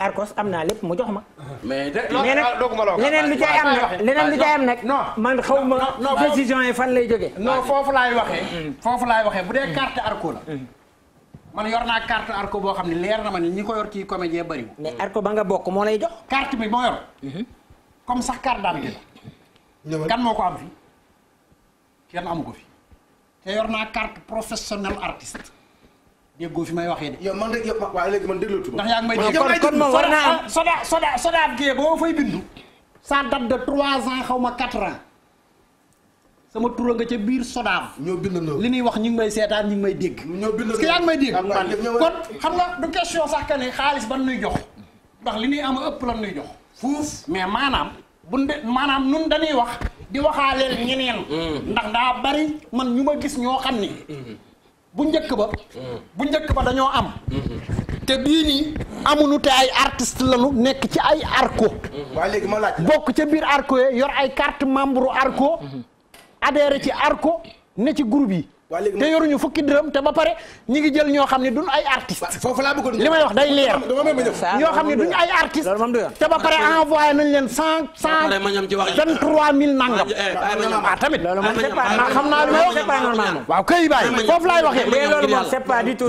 Arcos am naa lépp mu jox ma. Uh-huh. mais de ah, leneen lu cay am nag leneen lu cay am nag. man xaw ma décision yi fan lay jógee. non foofu laay waxee. Mm-hmm. Mm-hmm. foofu laay waxee bu dee carte Arco la. Mm-hmm. man yor naa carte Arco boo xam ne leer na ma ni ñi ko yor ci comédien bëri. mais Arco ba nga bokk moo lay jox. carte bi moo yor. comme sax carte d'identité la. kan moo ko am fi kenn am ko fi. te yor naa carte professionnel artiste. déggoo fi may waxee de. yow man rek yow waaye léegi man déglu tuuba. ndax yaa ngi may dégg kon kon moom war gee boo fay bindu. ça date de trois ans xaw ma quatre ans. sama tura nga ca biir sodaam ñoo bind li nuy wax ñu ngi may seetaan ñu ngi may dégg parce que yaa ngi may dégg kon xam nga du question sax que ne xaalis ban nuy jox ndax li ñuy am ëpp lan nuy jox fuuf mais maanaam bu de maanaam nun dañuy wax di waxaaleel ñeneen mm. ndax daa bari man ñu ma gis ñoo xam ni mm. bu njëkk ba bu njëkk ba dañoo am mm-hmm. te bii nii amuñu te ay artiste lañu nekk ci ay arco mm-hmm. waaye léegi ma laaj bokk ca biir arco yor ay carte membre arco mm-hmm. adhéré ci arco ne ci groupe yi te yoruñu fukki dërëm te ba pare ñi ngi jël ñoo xam ne duñ ay artiste foofu laa bëggoon li may wax day leer ñoo xam ne duñ ay artiste te ba pare ah, envoyé nañ leen cent cent vingt trois mille ah, nangam ah tamit ah, maa xam naa lu ma wax waaw kay bàyyi foofu laay waxee loolu moom c'est pas du tout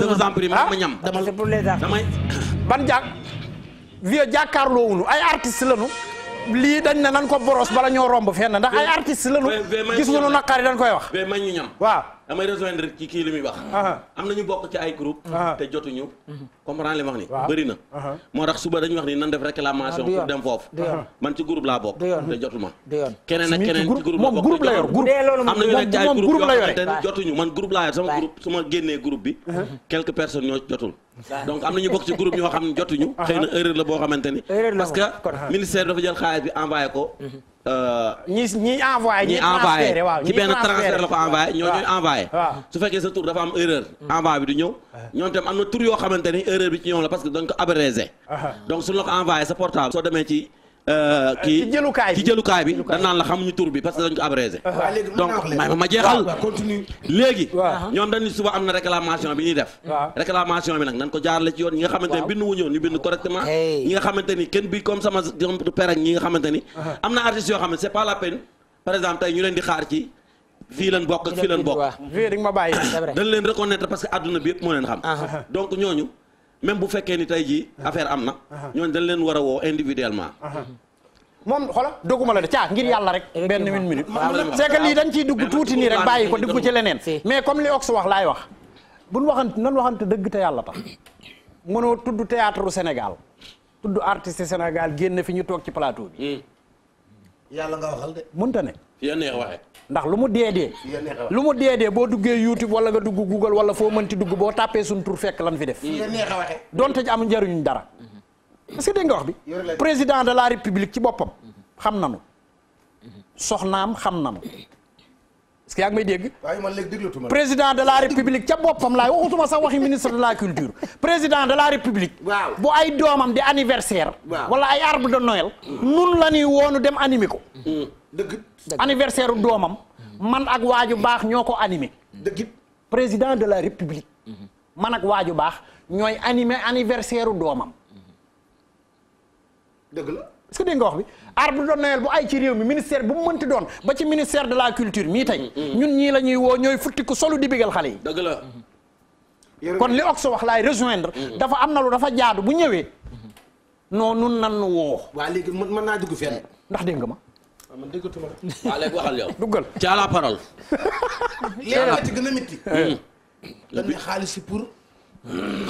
ban jàkk vieux jàkkaarloo wuñu ay artiste lañu lii dañ ne nan ko boros bala ñoo romb fenn ndax ay artiste lañu gis ñu naqari dañ koy wax damay rejoindre ci kii li muy wax. Ah. am na ñu bokk ci ay groupe. Ah. te jotuñu. Mhm. comprendre li ma wax ni bëri na uh-huh. moo tax suba dañuy wax ni nan def réclamation ah, pour dem foofu man ci groupe laa bokk te jotuma keneen ak keneen ci groupe la bokk laa yor sama groupe su ma génnee groupe bi uh-huh. quelques personnes ñoo jotul donc am na ñu bokk ci groupe ñoo xam jotuñu uh-huh. xëy na erreur la boo xamante ni parce que ministère dafa jël xaalis bi envoyé ko euh, ñi envoyé ñi envoyé ci benn transfert la ko envoyé ñoo ñooy envoyé su fekkee sa tour dafa ñoom tam am na tur yoo xamante ni erreur bi ci ñoom la parce que dañ ko abrégé donc suñu la ko envoyé sa portable soo demee ci euh, euh, kii jëlukaay bi ci jëlukaay bi dañ tur bi parce que dañ ko abrégé ah, donc may ma jeexal léegi ñoom dañ suba am na réclamation bi ñuy def réclamation bi nag nañ ko jaarale ci yoon ñi nga xamante ni bind wuñu yoon bind correctement ñi nga xamante ni kenn bi comme sama père ñi nga xamante ni am na artistes yoo xam ne c'est fii leen bokk ak fii lan bokk. dañ ma bàyyi dañ leen reconnaître parce que àdduna bi yëpp moo leen xam. Ah. donc ñooñu même bu fekkee ni tey ji affaire am na. Ah. ñooñu dañ leen war a woo individuellement. Ah. moom xoola doguma la de caa ngir yàlla rek benn minute c'est que lii dañ ciy dugg tuuti nii rek bàyyi ko dugg ci leneen mais comme li ox wax laay wax buñ waxant nan waxante dëgg te yàlla tax mënoo tudd théâtre Sénégal tudd artiste Sénégal génn fi ñu toog ci plateau bi hmm. yàlla nga waxal de mënta ne fi neex waxe ndax lu mu dee dee lu mu dee dee boo duggee YouTube wala nga dugg Google wala foo mënti dugg boo tàppee suñ tur fekk lan fi def mm-hmm. donte ji am njariñuñ dara parce mm-hmm. que dégg nga wax bi président de la république ci boppam xam nanu mm-hmm. soxnaam xam nanu parce que yaa ngi may dégg président de la république ca boppam laay waxutuma sax waxi ministre de la culture président de la république waaw bu ay doomam di anniversaire wala ay arbre de Noël mm. nun la ñuy woonu dem animé ko mm. dëgg anniversaire doomam. man ak waaju baax ñoo ko animé. dëgg président de la république. man ak waaju baax ñooy animé anniversaire doomam. dëgg la est-ce que dégg wax bi arbre de Noël bu ay ci réew mi ministère bu mu mënti doon ba ci ministère de la culture mii tey. Mm-hmm. ñun ñii la ñuy woo ñooy futti ko solu di bigal xale yi. dëgg la. kon li Ox wax laay rejoindre. Mm-hmm. dafa am na lu dafa jaadu bu ñëwee. Mm-hmm. non nun nan nu woo. waa léegi mën naa dugg fenn. ndax dégg ma. Ah, man déggatuma la. waaw léegi la parole. ci gën a métti. dañuy hmm. xaalis pour.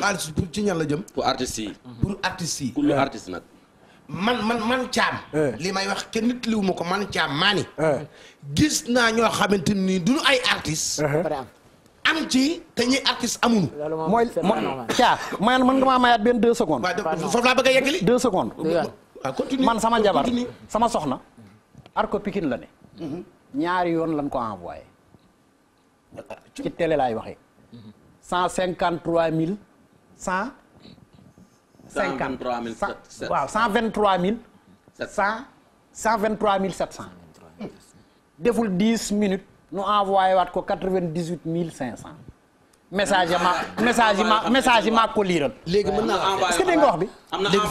xaalis pour ci ñan la jëm. pour artistes yi. Hmm. pour artistes yi. nag. man man man caam. Eh. li may wax kenn nit liwu ma ko man caam maa ni. Eh. gis naa ñoo xamante ni duñu ay artistes. Eh. am ci te ñuy artiste amuñu. mooy caa man man nga maa mayaat benn deux secondes. waaw foofu laa bëgg a yeggali. deux secondes. Ah, man sama jabar sama soxna. arko la ne. Mhm. ñaari yoon lañ ko envoyé. ci télé laay waxee. Mhm. cent cinquante trois mille cent. cinquante waaw cent vingt trois mille. cent cent vingt trois mille sept cent. deful dix minutes nu envoyé wat ko quatre vingt dix huit mille cinq cent. message yi ma message yi ma message yi ma ko liiral. léegi mën naa envoyé est-ce que dégg nga wax bi. léegi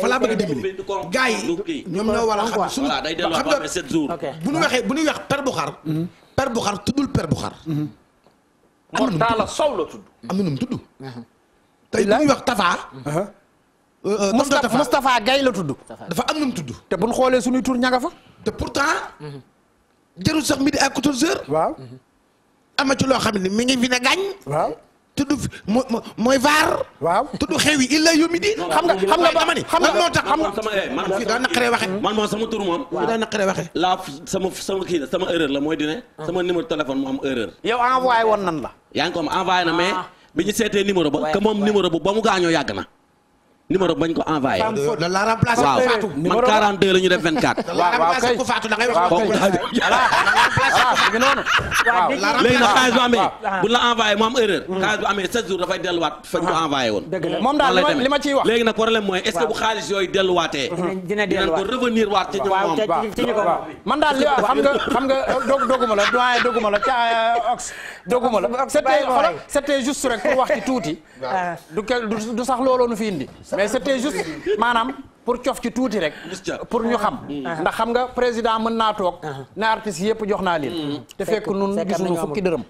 fa laa bëgg a dimbali fa laa bëgg a dimbali gars yi ñoom ñoo war a xam suñu xam nga bu ñu waxee bu ñuy wax per bu xar. Mhm. per bu xar tuddul per bu xar. Mhm. am na nu mu tudd am na nu mu tudd. Mhm. tey bu ñuy wax Tafa. Uh-huh. Euh, euh, Moustapha Moustapha Gaye la tudd. dafa am nu mu tudd. te bu ñu xoolee suñuy tur ña nga fa. te pourtant. jarul sax midi à 14h. waaw. ama ci loo xam ni mi ngi fi ne gaañ. waaw tudd mooy vaar. waaw tudd xew yi illa yomi di. xam nga xam nga ba ma xam nga moo tax. xam nga sama yaay eh, man fii daa naqaree waxe tur moom. waaw fii daa naqaree waxe laa sama sama kii la sama erreur la mooy dine sama numéro téléphone moom am yow envoyé woon nan la. yaa ngi ko envoyé na mais ah. bi ñu seetee numéro ba. que moom numéro bu ba mu gaañoo yàgg na. numéro bañ ko envoyé. la la remplacé waaw man 42 la ñu def 24. waaw waaw kay waaw kay waaw léegi nag xaalis bu amee. bu la envoyé mu am erreur. Hmm. xaalis bu amee 7 jours dafay delluwaat fañ ko envoyé woon. dëgg moom daal li ma ciy wax. léegi na problème mooy est-ce que bu xaalis yooyu delluwaatee. dina delluwaat dinañ ko revenir waat ci ñu ko man daal xam nga xam nga euh, doog dooguma la doyen dooguma la ca euh, ox. dooguma la c'était c'était juste rek pour wax ci tuuti. Ah. du sax looloo nu fi i mais c'était juste maanaam pour cof ci tuuti rek. pour ñu xam. ndax xam nga président mën naa toog. ne artistes yëpp jox naa leen. Mm-hmm. te fekk nun gisuñu fukki dërëm.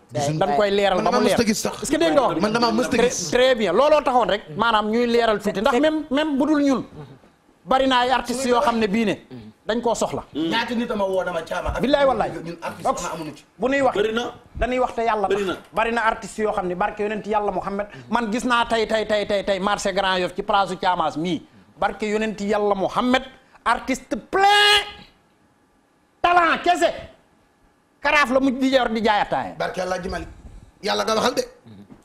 dañ koy leeral ba mu leer est-ce que dégg nga wax. man damaa mës a gis très bien looloo taxoon rek. maanaam ñuy leeral tuuti ndax même même bu dul ñun. bari na ay yoo xam ne bii ne. Mm-hmm. dañ koo soxla. Mm. ñaata nit ama woo dama caama. billaay wallaay ñun artiste amuñu ci. bu nuy wax bëri na wax te yàlla. bëri na bëri na artistes yoo xam ne barke yonent yàlla Muhammad man gis naa tey tey tey tey tey marché Grand Yoff ci place Thiamas mii barke yonent yàlla Muhammad artiste plein talent kese karaaf la mujj di yor di jaayataay. barke yàlla ji Malick yàlla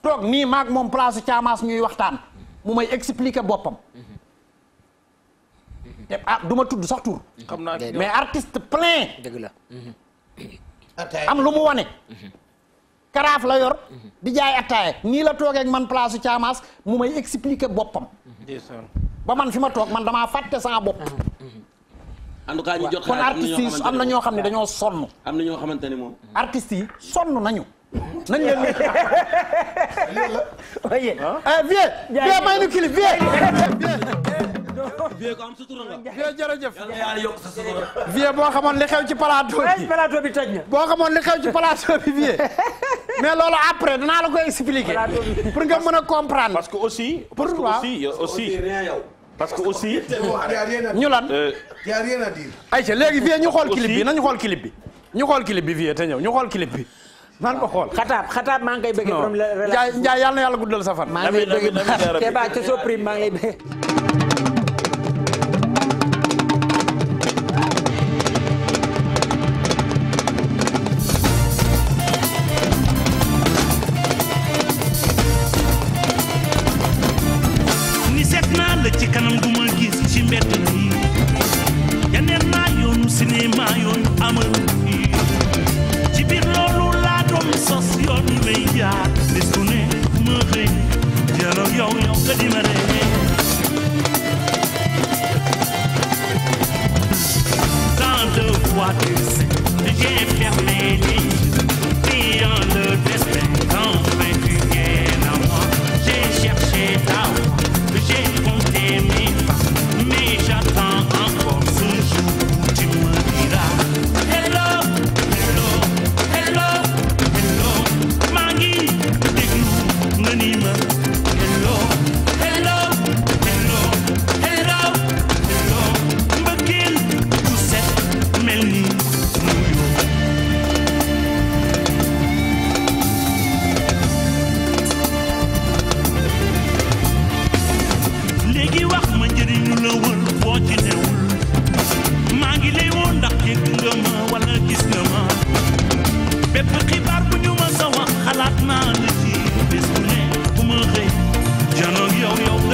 toog nii maak moom place Thiamas ñuy waxtaan mu may expliquer boppam. ah duma ma tudd sax tur. xam naa mais artiste plein. dëgg la. am lu mu wane. karaaf la yor. di jaay attaaye nii la toogee man place su Thiamas mu may expliquer boppam. ba man fi ma toog man damaa fàtte sama bopp. en tout kon artistes yi am na ñoo xam ne dañoo sonn. am na ñoo xamante ne moom. artistes yi sonn nañu. nañ leen ne. Ah, vieux. may nu clip vieux. vie ko am sutura boo xamoon li xew ci plateau bi. plateau loolu après danaa la koy expliquer. pour nga mën a comprendre. parce que aussi. pour waaw aussi aussi. que aussi. ñu lan. Euh, y a rien à ñu xool clip bi nañu xool clip bi. ñu ñëw ñu xool clip bi. nan ko xool xataab xataab maa ngi koy bëgg. non yal na yàlla guddal sa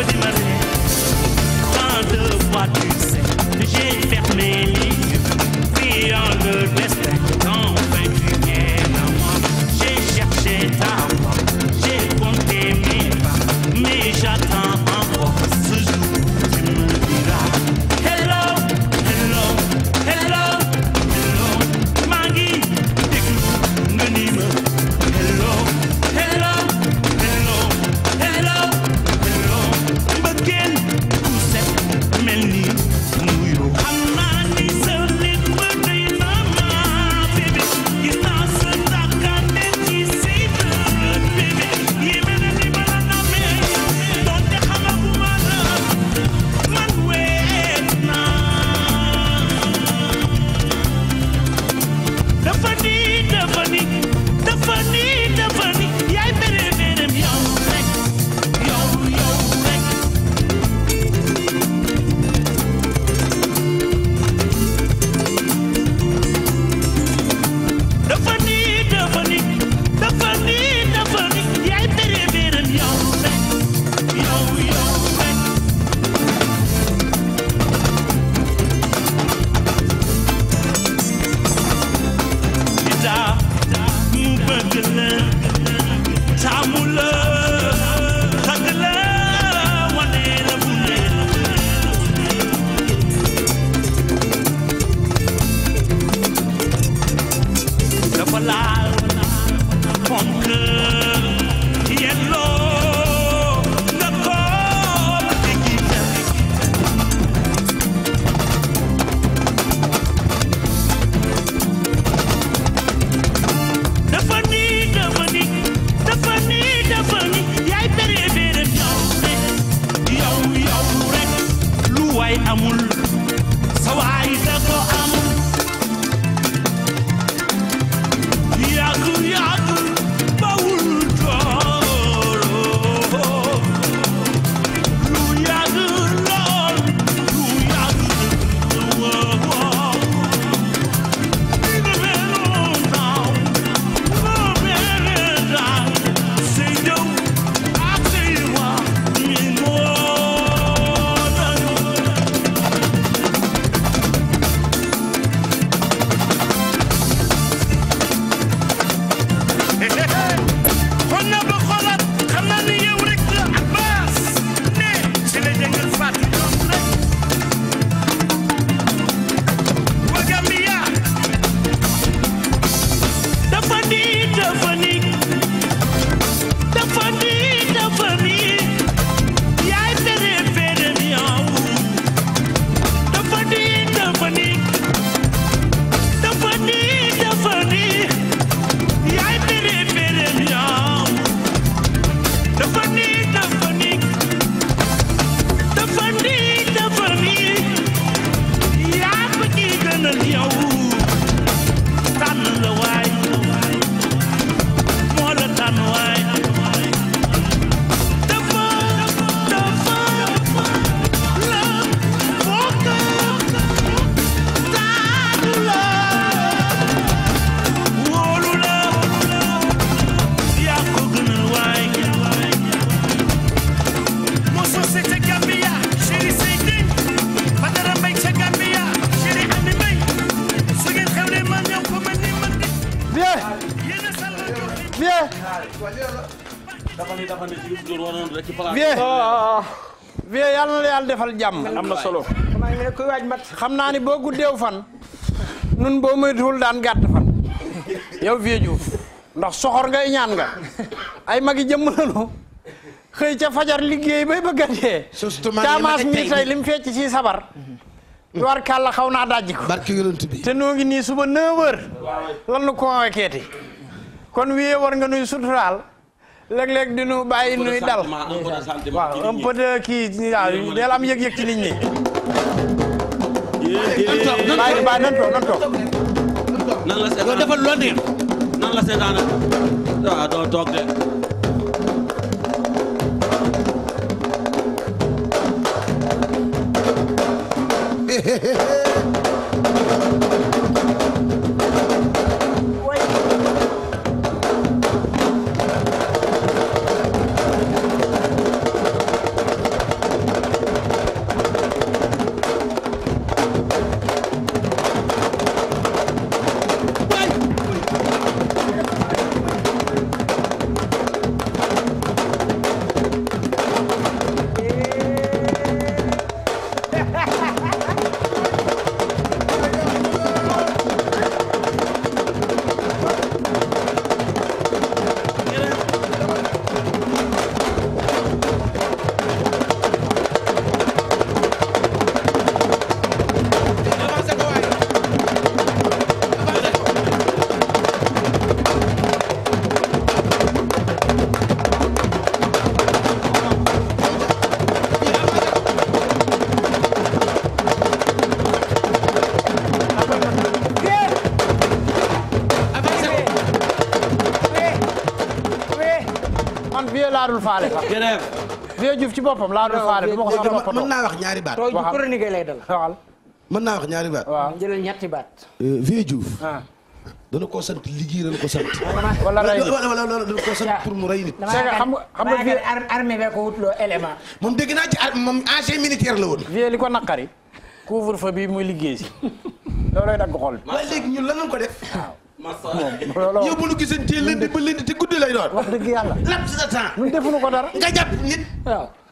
me démarrer. Prends deux fois, tu sais, j'ai fermé les jàmm. am na solo. xam naa ni boo guddeew fan. nun boo moytuwul daan gàtt fan. yow Vieux ndax soxor ngay ñaan nga. ay magi jëmm xëy ca fajar liggéey bay bëgg a dee. caamaas mi tey li fecc ci sabar. war kàlla xaw naa dajji ko. barke te noo nii suba 9h. lan nu kon wiyee war nga nuy suturaal. léeg-léeg di nu bàyyi nuy dal waaw un kii waaw del am ci nit ñi nan toog nan toog nan la seetaan defal loo neex nan la seetaan waaw ah, doo de faale sax. jërëjëf. Vieux Diouf ci boppam laa doon faale. dama ko sax dama mën naa wax ñaari baat. tooy ju chronique lay dal. waaw mën naa wax ñaari baat. waaw jëlal ñetti baat. Euh, vieux Diouf. Ah. dana ko sant liggéey dana ko sant. wala rey nit wala wala dana ko sant pour mu rey nit. c'est que xam nga xam nga vieux armée bee ko wutloo élément. moom dégg naa ci armée moom ancien militaire la woon. vieux li ko naqari. couvre-feu bi muy liggéey si. loolooy dagg xol. waaye léegi ñun lan lañ ko def. waaw yow bu nu gisantee lundi ba lundi te guddi lay doon. wax dëgg yàlla. laps nga jàpp nit.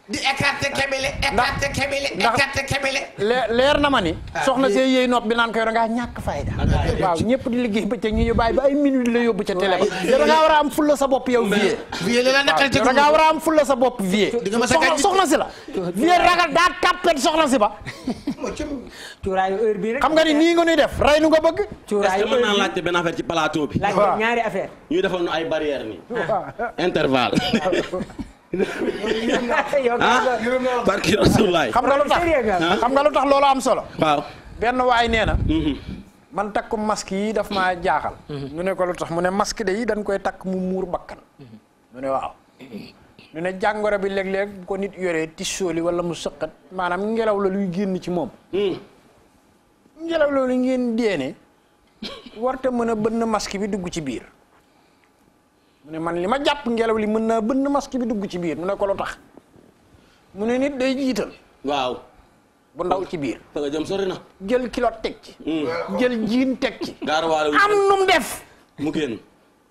di écarté kebele écarté kebele écarté kebele leer na ma ni ah. soxna see yéey nopp bi naan koy da ngaa ñàkk fayda ah, waaw ñëpp di liggéey bëccëg ñu ñu bàyyi ba ay minute la yóbbu ca télé ba da war a am fulla sa bopp yow vie vie la naqari da ngaa war a am fulla sa bopp vie soxna si la vie ragal daa tàppet soxna si ba cuuraayu heure bi xam nga ni nii nga ñuy def rey nu nga bëgg cuuraayu ma bi mën naa laajte benn affaire ci palaato bi laajte ñaari affaire ñuy defal ñu ay barrière ni intervalle ah xam nga lu tax xam nga lu tax loolu am solo. waaw benn waay nee na. Mhm. man takkum masque yi daf ma jaaxal. Mhm. ñu ne lu tax mu ne masque de yi dañ koy takk mu muur bakkan. Mhm. ñu ne waaw. ñu ne jàngoro bi léeg-léeg ko nit yore yoree tissooli wala mu sëqat maanaam ngelaw la luy génn ci moom. ngelaw la luy ngeen deene warta mën a bënn masque bi dugg ci biir. mu ne man li ma jàpp ngelaw li mën naa bënn masque bi dugg ci biir mu ne ko lu tax mu ne nit day jiital. waaw. bu ndaw ci biir. da jëm sori na. jël kilo teg ci. Hmm. am nu def. mu génn.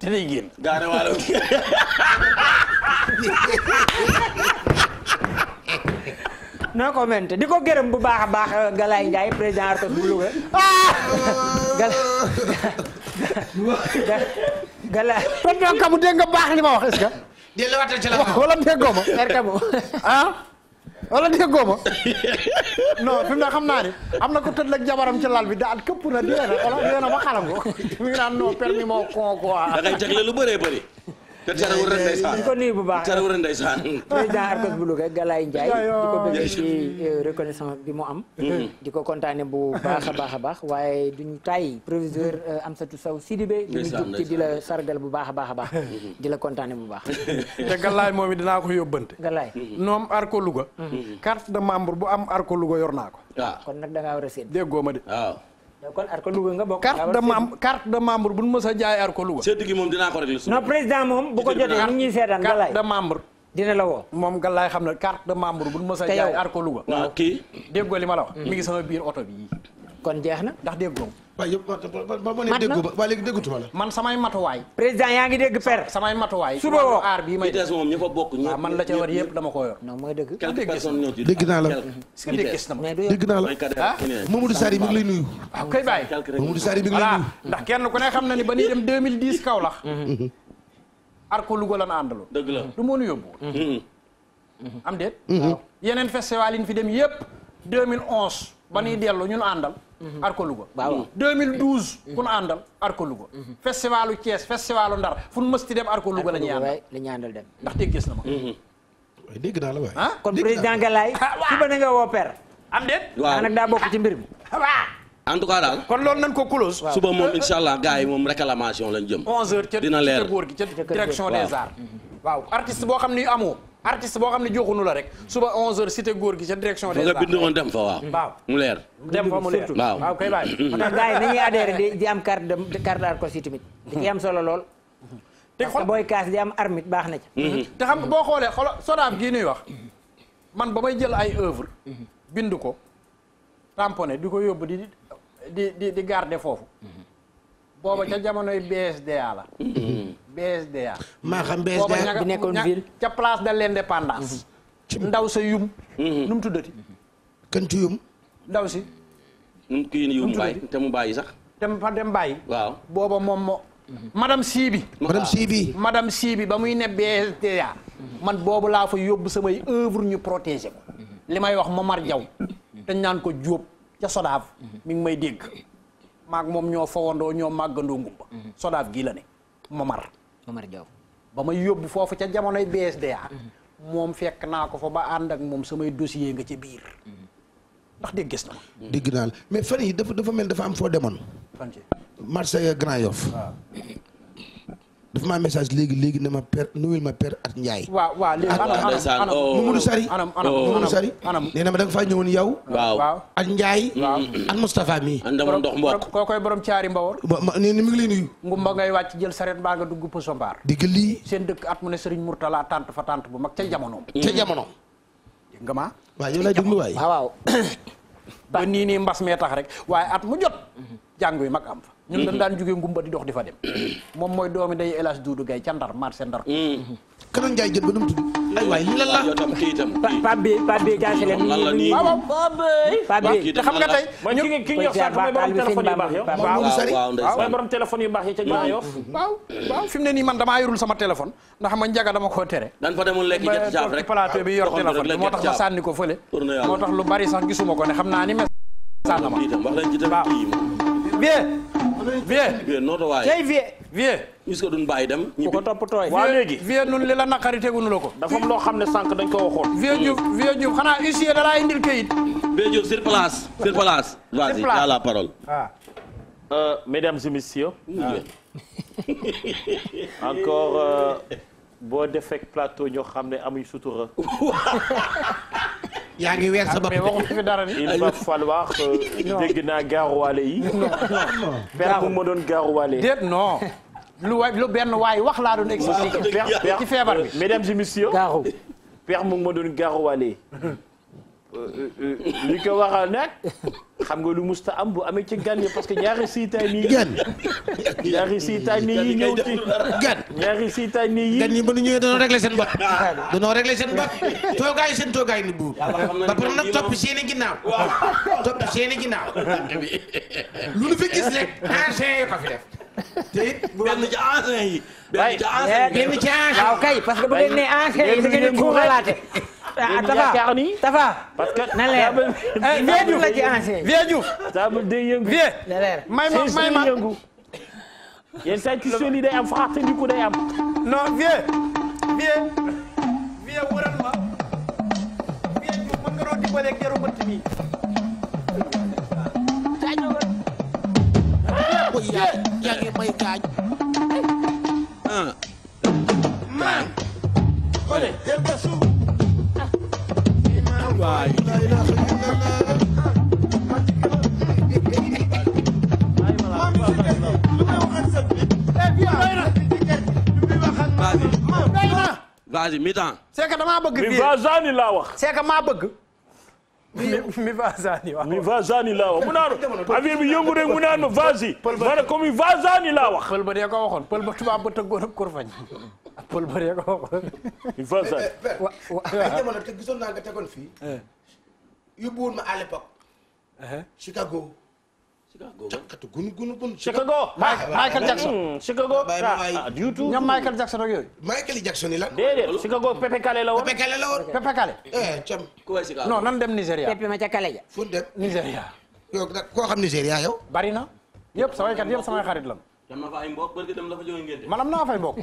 te day génn. noo ko mente di ko gërëm bu baax a baax euh, Galaye Ndiaye président RTS bu Louga. gala tonton Kabou de nga baax li ma wax est-ce que. delluwaatal ci la wala déggoo ma. mère Kabou ah. wala ne xam naa ne am na ko tëdd ak jabaram ci lal bi daal këpp na dee na wala dee na ba xalam ko mi ngi naan non permis moo koo quoi. da ngay jagle lu bëree bëri. te terewul di ko nuyu bu baax terewul ren ndeysaan président Arcos bu Louga Galaye Ndiaye di ko euh, bi mu am mm-hmm. di ko kontaane bu baax a baax a baax waaye duñu tàyyi proviseur mm-hmm. euh, Amsatou Sow Sidibé duñu jug ci di la sargal bu baax a baax a baax mm-hmm. di la kontaane bu baax te Galaye moom it dinaa ko yóbbante Galaye noom Arcos Louga carte de membre bu am Arcos Louga yor naa ko ah. kon nag da war a séen déggoo de kon Arko Louga carte de membre carte de membre bu nu mës a jaay Arko Louga. seeti gi moom dinaa ko réglé. non président moom bu ko jotee ñu ñuy seetaan carte de membre. dina la woo moom galaay xam ne carte de membre bu nu mës a jaay Arko déggoo li ma la wax. Hmm. ngi sama biir oto bi. kon jeex na ndax déggoo. waaw yëpp ba ma ne déggu ba léegi déggutuma la man samay matuwaay président yaa ngi dégg per samay matuwaay suba woo aar bii may vitesse moom ñi fa ah, man la ca war yëpp dama ko yor non mooy dëgg quelques personnes ñoo ah? ngi lay ah, nuyu ndax kenn ku ne xam na ni ba ñuy dem 2010 Kaolack mhm. arko Louga lan àndaloon dëgg la du moonu yóbbu mhm. Mhm. am déet yeneen festival yi ñu fi dem yëpp ba ñuy dellu ñun àndal Mhm. Arko Louga waaw 2012 ku nu àndal Arko Louga mhm. festivalu Thiès festivalu Ndar fu nu mësti dem Arko Louga la ñuy àndal la ñuy àndal dem ndax dégg gis na ma mhm. waaye dégg naa la waay ah kon président Galaye ah, suba na nga woo per am déet waaw nag daa bokk ci mbir mi ah, daal kon lool nañ ko close suba moom insha allah moom réclamation lañ jëm onze heures dina leer góor gi ca direction des arts waaw artiste boo xam ni amoo artiste boo xam ne joxunu la rek suba 11h cité góor gi ca direction. des nga bind woon dem mu leer. dem fa mu leer waaw kay bàyyi. yi nañuy adhéré di am carte de carte d'arcos yi da am solo lool. te xool booy kaas di am armit baax na ci. Mm-hmm. te xam boo xoolee xolo sodaaf gii nuy wax man ba may jël ay œuvre mm-hmm. bind ko tamponné di ko yóbbu di di di garder foofu. Mm-hmm. booba ca jamonoy BSDA la. BSDA. Mm-hmm. maa xam BSDA bi nekkoon ville ca place de l'indépendance. Mm-hmm. ndaw sa mm-hmm. yum. nu mu tuddati. kan ci si. nu mu bàyyi sax. te waaw booba moom moo. madame Sibi. madame Sibi. madame Sibi ba muy ne man boobu laa fa yóbbu samay œuvre ñu protéger ko. li may wax Momar Diaw. dañ naan ko Diop ca Sodaaf. mi ngi may dégg. maag moom ñoo foowandoo ñoo màggandoo ngumba mhm. sodaaf gii la ne ma Momar Diaw ba may yóbbu foofu ca jamonoy BSDA mhm. moom fekk naa ko fa ba ànd ak moom samay dossier nga ca biir mhm. ndax dégg gis na ma digg naa mais fan yi dafa dafa mel dafa am foo demoon marché Grand Yoff dafa maa message léegi léegi na ma père nuyul ma père at Ndiaye. waaw waaw léegi ah, oh, anam anam oh. Mamadou Sari. anam anam Mamadou Sari. anam nee na ma da nga faa ñëwoon yow. at Ndiaye. waaw ak mii. andamoon ndox koo koy borom caari mbawor. nee na mi ngi lay nuyu. ngumba ngay wàcc jël saret baa nga dugg Poso Mbar. digg lii. seen dëkk at mu ne Serigne Mourtala tante fa tante bu mag ca jamono. Mm. ca jamono. dégg nga ma. waaw yow lay déglu waay. waaw ba nii mbas mee tax rek waaye at mu jot. Mm-hmm. jàng wi mag am fa ñun dañ mhm. daan jógee ngumba di dox di fa dem moom mooy doomi day El Hadj Doudou Gaye ca Ndar marché Ndar mhm. kanoon njaay jën ba nu mu tudd ay waay li lan la Pape Bey Pape Bey jaase leen waaw Pape Bey te xam nga tey ñu ki ñu sax mooy borom téléphone yu baax yo mooy mu ne nii man damaa yorul sama téléphone ndax ma njaga dama ko tere dan fa demul lekk jëf jaaf plateau bi yor téléphone moo tax ma sànni ko fële moo tax lu bari sax gisuma ko ne xam naa ni message sànna ma wax lañ ci tam vie noto waaye tey vie vie ñis ko duñ dem ku ko toppatooy waaw léegi vie nun li la naqari tegunu la ko dafa am loo xam ne sànq dañ ko waxoon vie Diouf xanaa huissier da laa indil kayit vie Diouf sur place sur place vas-y à la parole ah. euh, mesdames et messieurs ah. encore euh, boo defee plateau ñoo xam ne amuñ sutura. yaa ngi weer sa bopp ah, dara ni. il va falloir euh, dégg naa gaaruwaale yi. non non père ma doon gaaruwaale. déet non. lu wa lu benn waay wax laa doon expliqué. ci feebar bi mesdames et messieurs. gaaru père mu ma doon gaaruwaale. Euh, euh, euh, li ko wax a nekk xam nga lu musta am bu amee ci gan yi parce que ñaari siitaani yi. gan ñaari siitaani yi ñëw gan. ñaari siitaani yi gan yi ba nu ñëwee dañoo réglé seen bopp. dañoo réglé seen bopp toogaay seen toogaay ni buur. ba pare nag topp seen i ginnaaw. topp seen i ginnaaw. lu nu fi gis rek ancien yi ko fi def. te it bu benn ci ancien yi. benn ci ancien yi waaw kay parce que bu ngeen nee ancien yi da ngeen di tuuralaate. yaakaar ni Tafa parce que na ci eh, ancien vieux Diouf table day yëngu vieux na may ma may ma yëngu yenn saa ci soli day am fàttaliku day am non vieux vieux vieux wëral ma vieux Diouf mën nga doon dimbaleeg jaru bëtt mi yaa ngi waay vas-y mi-temps. c'est que damaa bëgg. mi va laa wax. c'est que maa bëgg. mi va zani wax. mi va zani laa wax mu naan avion bi yëngu rek mu naan ma vas-y. pël ba laa wax. pël ba dee ko waxoon pël ba tubaab ba tëggoon ak Paul Bari ko waxoon. il faut tegoon fii. Eh. yóbbu woon ma à l'époque. Eh. Chicago. Chicago càkkatu gun gun gun. la. déedéet Chicago Pepe Kale la woon. Pepe Kale la woon. Pepe Kale. Eh, non dem Nigéria. Pepe ma ca Kale ja. fu dem koo xam Nigéria yow. bari na yëpp samay kat yëpp samay xarit lan. dem na fa ay mbokk barke dem la fa jógee ngénte man am naa fay mbokk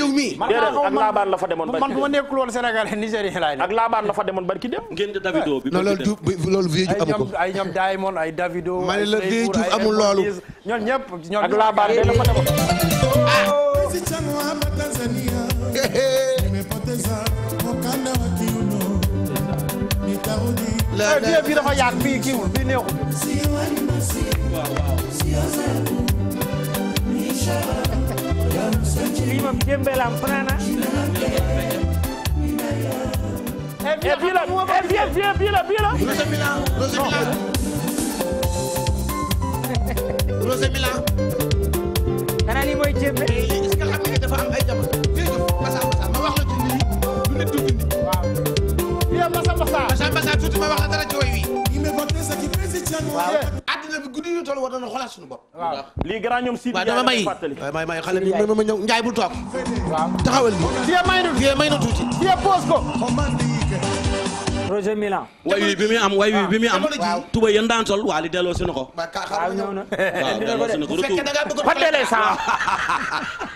yow mii déedéet ak laabaan la fa demoon barki man bu ma nekkul woon Sénégal Nigéria laay ak laabaan la fa demoon barki dem ngénte Davido bi non loolu loolu vieux Diouf amu ko ay ñoom Diamond ay Davido ma ne la vieux Diouf amul loolu ñoom ñëpp ñoom ak laabaan de la fa demoon la eh, fii dafa yàgg fii kiiwul fii neexul waaw waaw lii moom jëmbee laam fanaana et bii la et bii la bii la bii la. Rose Milan Rose Milan. Rose Milan. xanaa lii mooy jëmbe. est ce que xam nga dafa am ay jamono. jërëjëf Massa Massa ma wax la ci lii lu nit tuuti nit. waaw. yow Massa Massa. Massa Massa tuuti ma wax la dara ci woy wi. il me voté ce qui président. waaw. guddi ñu toll war nañu xoolaat suñu bopp. waaw lii grand ñoom Sidi Ndiaye may may may may ma ñëw Ndiaye bul toog. waaw taxawal bi. may na tuuti. Vieux pose ko. Roger Milan. way wi bi muy am way bi muy am. tuba yéen daan sol waa li delloo si ko. waaw ñëw na delloo si na ko retour.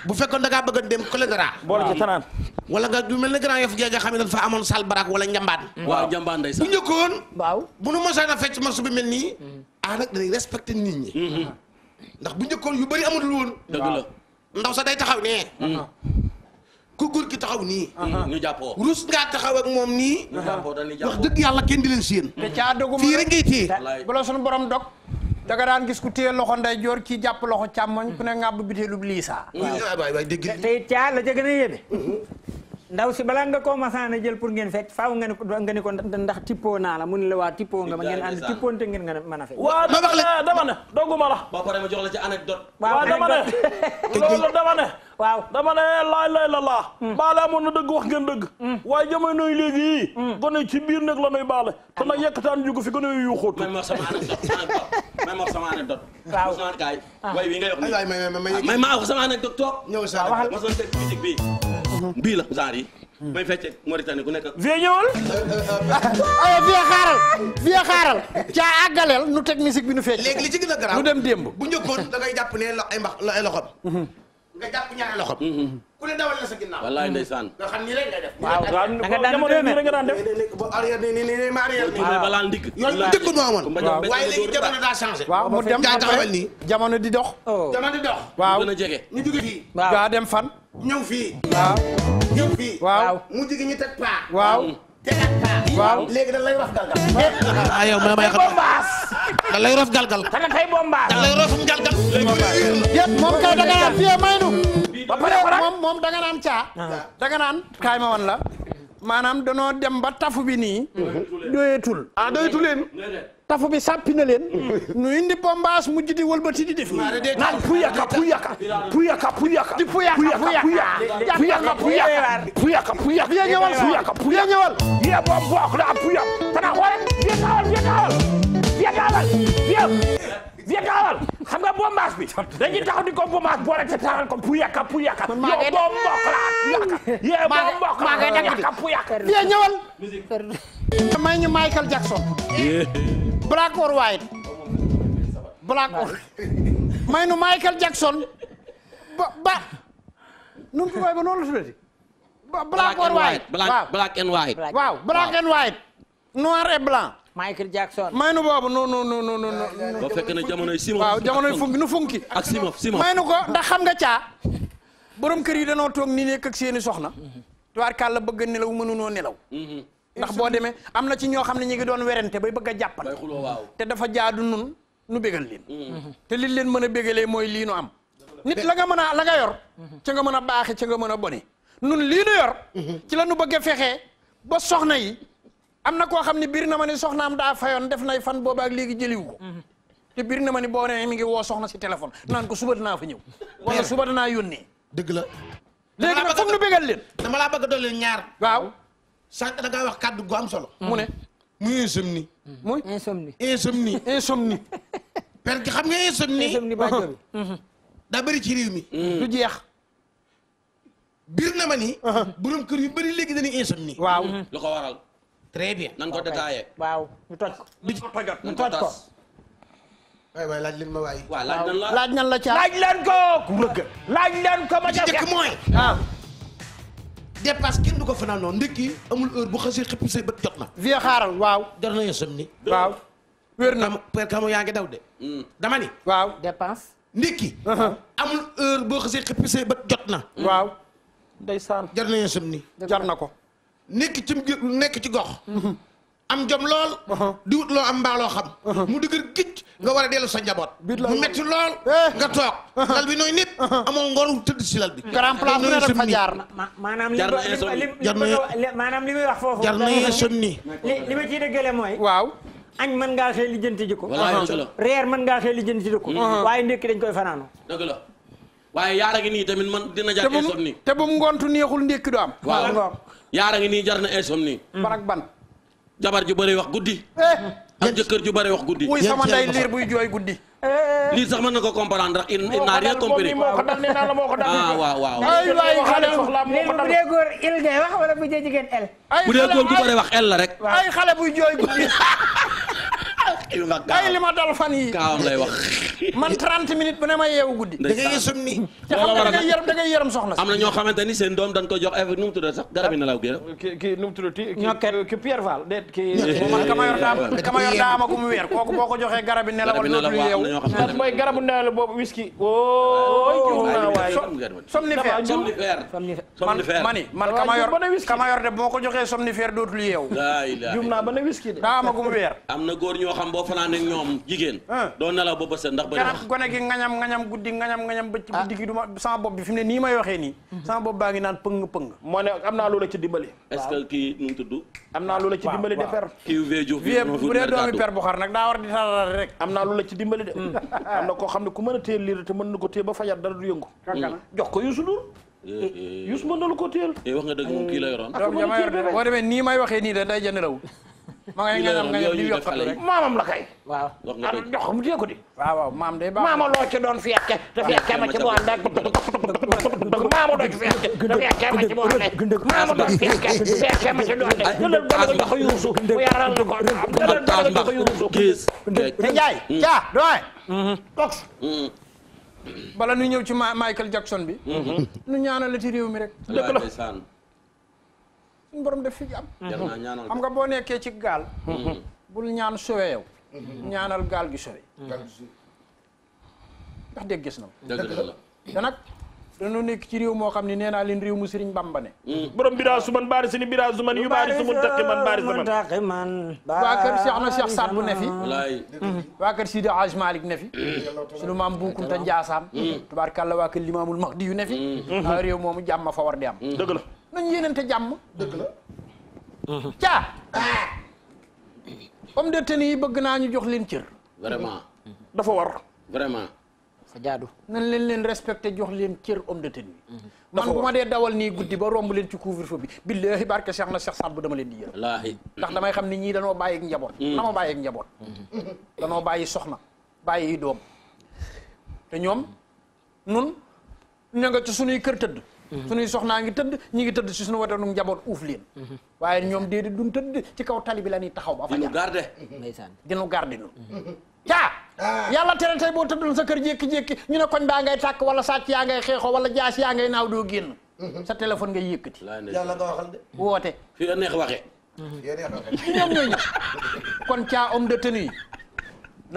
bu fekkoon da ngaa bëgg a dem choléra. boole ci tanaan. wala nga du mel ne grand yof jee nga xam ne dafa amoon sal barak wala njambaan. waaw njambaan ndeysaan bu njëkkoon. bu nu mosaan a fecc morceau bi mel nii. Mm. ah nag dañuy respecté nit ñi. Mhm. ndax bu njëkkoon yu bëri amatul woon. dëgg la sa day taxaw nee. Mhm. ku góor ki taxaw nii. Mhm. ñu jàppoo rus ngaa taxaw ak moom nii. ñu jàppoo dañuy jàppoo dëgg yàlla kenn di si séen. te caa dugg fii bu la sunu borom dog. daga daan gis ku téye loxo nday joor ki jàpp loxo càmmoñ ku ne ngàbb biteelub liisaa. waaw dégg te it caa la ca gën a ndaw si balaa nga koo masaana jël pour ngeen fekk faaw nga ne ko nga ne ko ndax tippoo naa la mu ne la waa tippoo nga ma ngeen ànd tippoonte ngeen nga mën a fekk waaw dama dogguma la ba pare la ci anecdote waaw dama ne waaw dama ne laay lay la laa hmm. baale amoon na dëgg wax ngeen dëgg hmm. waaye jamono yi léegi yii hmm. gone ci biir nag la nuy baale te nag ah. yekkataan jugu fi gone yu yuuxóotu may ma sama anecdote may ma sama anecdote waaw Ousmane Kaay ah. way wi nga yox ni ah, may ma sama anecdote toog ñëw sa wax ma sama musique bii la genre yi. may fecce Mauritanie ku nekk. vie ñëwal. vie xaaral vie xaaral caa àggaleel nu teg musique bi nu fecc. léegi li ci gën a garaaw nu dem démb. bu njëkkoon da ngay jàpp ne lo ay mbax ay loxoom. Mhm. nga loxo. Mhm. Mhm. ku ne dawal la sa ginnaaw. walaay ndeysaan. nga xam ni rek ngay def. waaw waaw jamono yi rek nga daan def. ba arrière nii mu dem jamono di dox. jamono di dox. waaw ñu gën a jege. ñu waaw ñëw fii. waaw ñëw fii. waaw mu jigi ñu teg paa. galgal. ah yow galgal. moom kay danga naan fii ba pare moom moom caa. Ah. danga naan ma wan la. maanaam danoo dem ba tafu bi nii. Mm-hmm. doyetul. ah doyetu tafu bi sàppi na leen. nu indi pombaas mujj di wëlbati di def. naan puyaka puyaka puyaka puyaka. di puyaka puyaka puyaka puyaka puyaka puyaka. bi ya ñëwal puyaka puyaka bi ya ñëwal. yee boo bokk la puya. xanaa xoolal bi ya ñëwal bi ya ñëwal. viens gaawal viens viens gaawal xam nga bombaas bi dañuy taxaw di ko bombaas boo rek taaral ko pu yàkka pu yàkka yow boo mbokk la yàkka yow boo mbokk la yàkka pu yàkka viens ñëwal may ñu Michael Jackson black or white black or may nu Michael Jackson ba ba nu mu tubaab ba noonu la tuddati black or white black and white waaw black and white noir et blanc Michael Jackson. may nu boobu nu nu nu nu nu. ba fekk na jamonoy Simof. waaw jamonoy funki nu funki. ak Simof Simof may nu ko ndax xam nga caa. borom kër yi danoo toog ni nekk ak seeni soxna. la bëgg a nelaw mënunoo nelaw. ndax boo demee am na ci ñoo xam ne ñu ngi doon werante bay bëgg a jàppan te dafa jaadu nun nu bégal leen. te li leen mën a bégalee mooy lii nu am. nit la nga mën a la nga yor. ca nga mën a baaxe ca nga mën a bone. nun lii nu yor. ci la nu bëgg a fexee ba soxna yi am na koo xam ne biir na ma ni soxnaam daa fayoon def nay fan booba ak léegi jëliwu ko mhm. te biir na ma ni boo nee mi ngi woo soxna si téléphone naan ko suba dinaa fa ñëw wala suba dinaa yónnee dëgg la léegi nag foog nu bégal leen dama laa bëgg a dolli ñaar waaw sànq da wax kàddu gu am solo mhm. mu ne mu insomnie muy insomnie insomnie insomnie parce xam nga insomnie insomnie mhm. daa bëri ci réew mi du jeex biir na ma ni borom kër yu bëri léegi dañuy insomnie waaw lu ko très bien nan ko détaillé. waaw ñu toj ko. ñu toj ko. laaj leen ma waay. laaj nan la laaj la caa. laaj leen ko ku rëgg. laaj leen ko ma ca. ci dëkk mooy. waaw. Ah. kenn du ko fanaan noonu ndekki amul heure bu xasee xëpp say bët jot na. vie xaaral waaw. jot na yosam ni. Mm. Uh-huh. jot na. waaw. ndeysaan jot na ni. jar na ko. nekk ci nekk ci gox am jom lool uh-huh. di wut loo am mbaaloo xam uh-huh. mu dëgër gicc nga war a dellu sa njaboot mu metti lool eh. nga toog uh-huh. lal bi nooy nit amoo ngoru tëdd si lal bi grand place bu ne rek fa jaar na maanaam maanaam li muy wax foofu jar na insomnie li ma ciy dëggale mooy waaw añ mën ngaa xëy lijjanti ji ko reer mën ngaa xëy lijjanti ji ko mm-hmm. waaye ndékki dañ koy fanaanu dëgg la waaye yaara gi nii tamit man dina jàpp insomnie te bu mu ngoontu neexul ndékki du am waaw yaara ngi nii jar na insomnie. Hmm. ban ak ban. jabar ju bëri wax guddi. Eh! ak jëkkër ju bëri wax guddi. wuy sama ndey liir buy jooy guddi. Eh! lii sax mën na ko comprendre ndax il n'a rien aa moo ko dal moo ko dal ah waaw waaw. bu dee bu dee jigéen el. bu wax el rek. ay xale buy jooy guddi. yu nga gaaw li ma dal fan yi gaawam lay wax man ma yeewu guddi da ngay summi da ngay yaram da ngay am na ñoo xamante ni seen doom dañ ko jox effet nu mu tuddati sax garab yi nelaw gi ki ki nu mu tuddati ki Pierre Fall déet ki man kama yor daa kama yor daa amagum weer kooku boo ko joxee garab yi nelaw dootul yeewu ndax mooy garabu nelaw boobu whisky oo somnifère somnifère mani man kama yor kama yor de boo ko joxe somnifère dootul yeewu juum naa ba ne whisky de daa amagum weer am na góor ñoo xam boo fanaan ak ñoom jigéen ah. doo nelaw ba bës ndax bëri wax gone gi ngañam ngañam guddi ngañam ngañam bëcc ah. guddi gi du ma sama bopp bi fi mu ne nii may waxee nii mhm. sama bopp baa ngi naan pëng pëng moo ne am naa loola ci dimbali est-ce que kii nu de per kii vie Diouf vie doomi per bu xar nag daa war di taral rek am naa loola ci dimbali de hmm. am na koo xam ne ku mën a téye liir te mën na ko téye ba fajar dara du yëngu hmm. jox ko Youssou Ndour eh, eh, eh. Youssou mën na la ko téyel wax nga dëgg moom kii la nii may da ma nga nga nga di yokkatu rek maamam la kay. waaw ah, jox ko mu téye ko di. waaw waaw maam day baax maama loo ci doon fekke te fekke ma ci mu ànd ak maama loo ci fekke te fekke ma ci mu ànd ak maama loo fekke te fekke ma ci mu ànd ak dalal dalal jox ko yuusu mu yaral la ko dalal dalal jox ko yuusu te Njaay mm. caa doy mm-hmm. cox mm-hmm. bala nu ñëw ci Michael Jackson bi nu mm-hmm. ñaanal la ci réew mi rek dëgg la suñu borom def fi jàmm. xam nga boo nekkee ci gaal. Hmm. Hmm. bul ñaan suwee yow. Hmm. ñaanal gaal gi suwee. ndax dégg gis na ma. dëgg la te nag dañoo nekk ci réew moo xam ne nee naa leen réew mu Sëriñ Bamba ne. borom biraa su man baari sini biraa su man yu baari su mun taqi man baari su man. waa kër Cheikh na Cheikh Saad bu ne fi. walaay. waa kër Sidi Hadj Malick ne fi. sunu maam Bukunta Ndiassane. tubaarkàlla waa kër Limaamul Mahdi yu ne fi. réew moomu jàmm fa war di am. dëgg la. nañu yéenante jàmm. dëgg la. Mm-hmm. caa. homme de tenue yi bëgg naa ñu jox leen cër. vraiment. Mm-hmm. dafa war. vraiment. sa jaadu. nan leen leen respecté jox leen cër homme de tenue. Mm-hmm. man bu dee dawal nii guddi ba romb leen ci couvre-feu bi billahi barke Cheikh na Cheikh Saad bu dama leen di yër. wallaahi. ndax damay xam ni ñii danoo bàyyi ak njaboot. Mm. na ma bàyyi ak njaboot. danoo bàyyi soxna bàyyi doom. te ñoom nun ña nga ci sunuy kër tëdd. Mhm. suñuy soxnaa ngi tëdd ñi ngi tëdd si suñu watanu njaboot uuf leen mhm. waaye ñoom déedéet duñ tëdd ci kaw tali bi la ñuy taxaw ba fa dinu garde ndeysaan dinu garde mhm. caa yàlla tere tey boo tëddoon sa kër jékki-jékki ñu ne koñ baa ngay tàkk wala sàcc yaa ngay xeexoo wala jaas yaa ngay naaw doo génn sa téléphone ngay yëkkati yàlla nga waxal de woote fi la neex waxe kon caa homme de tenue yi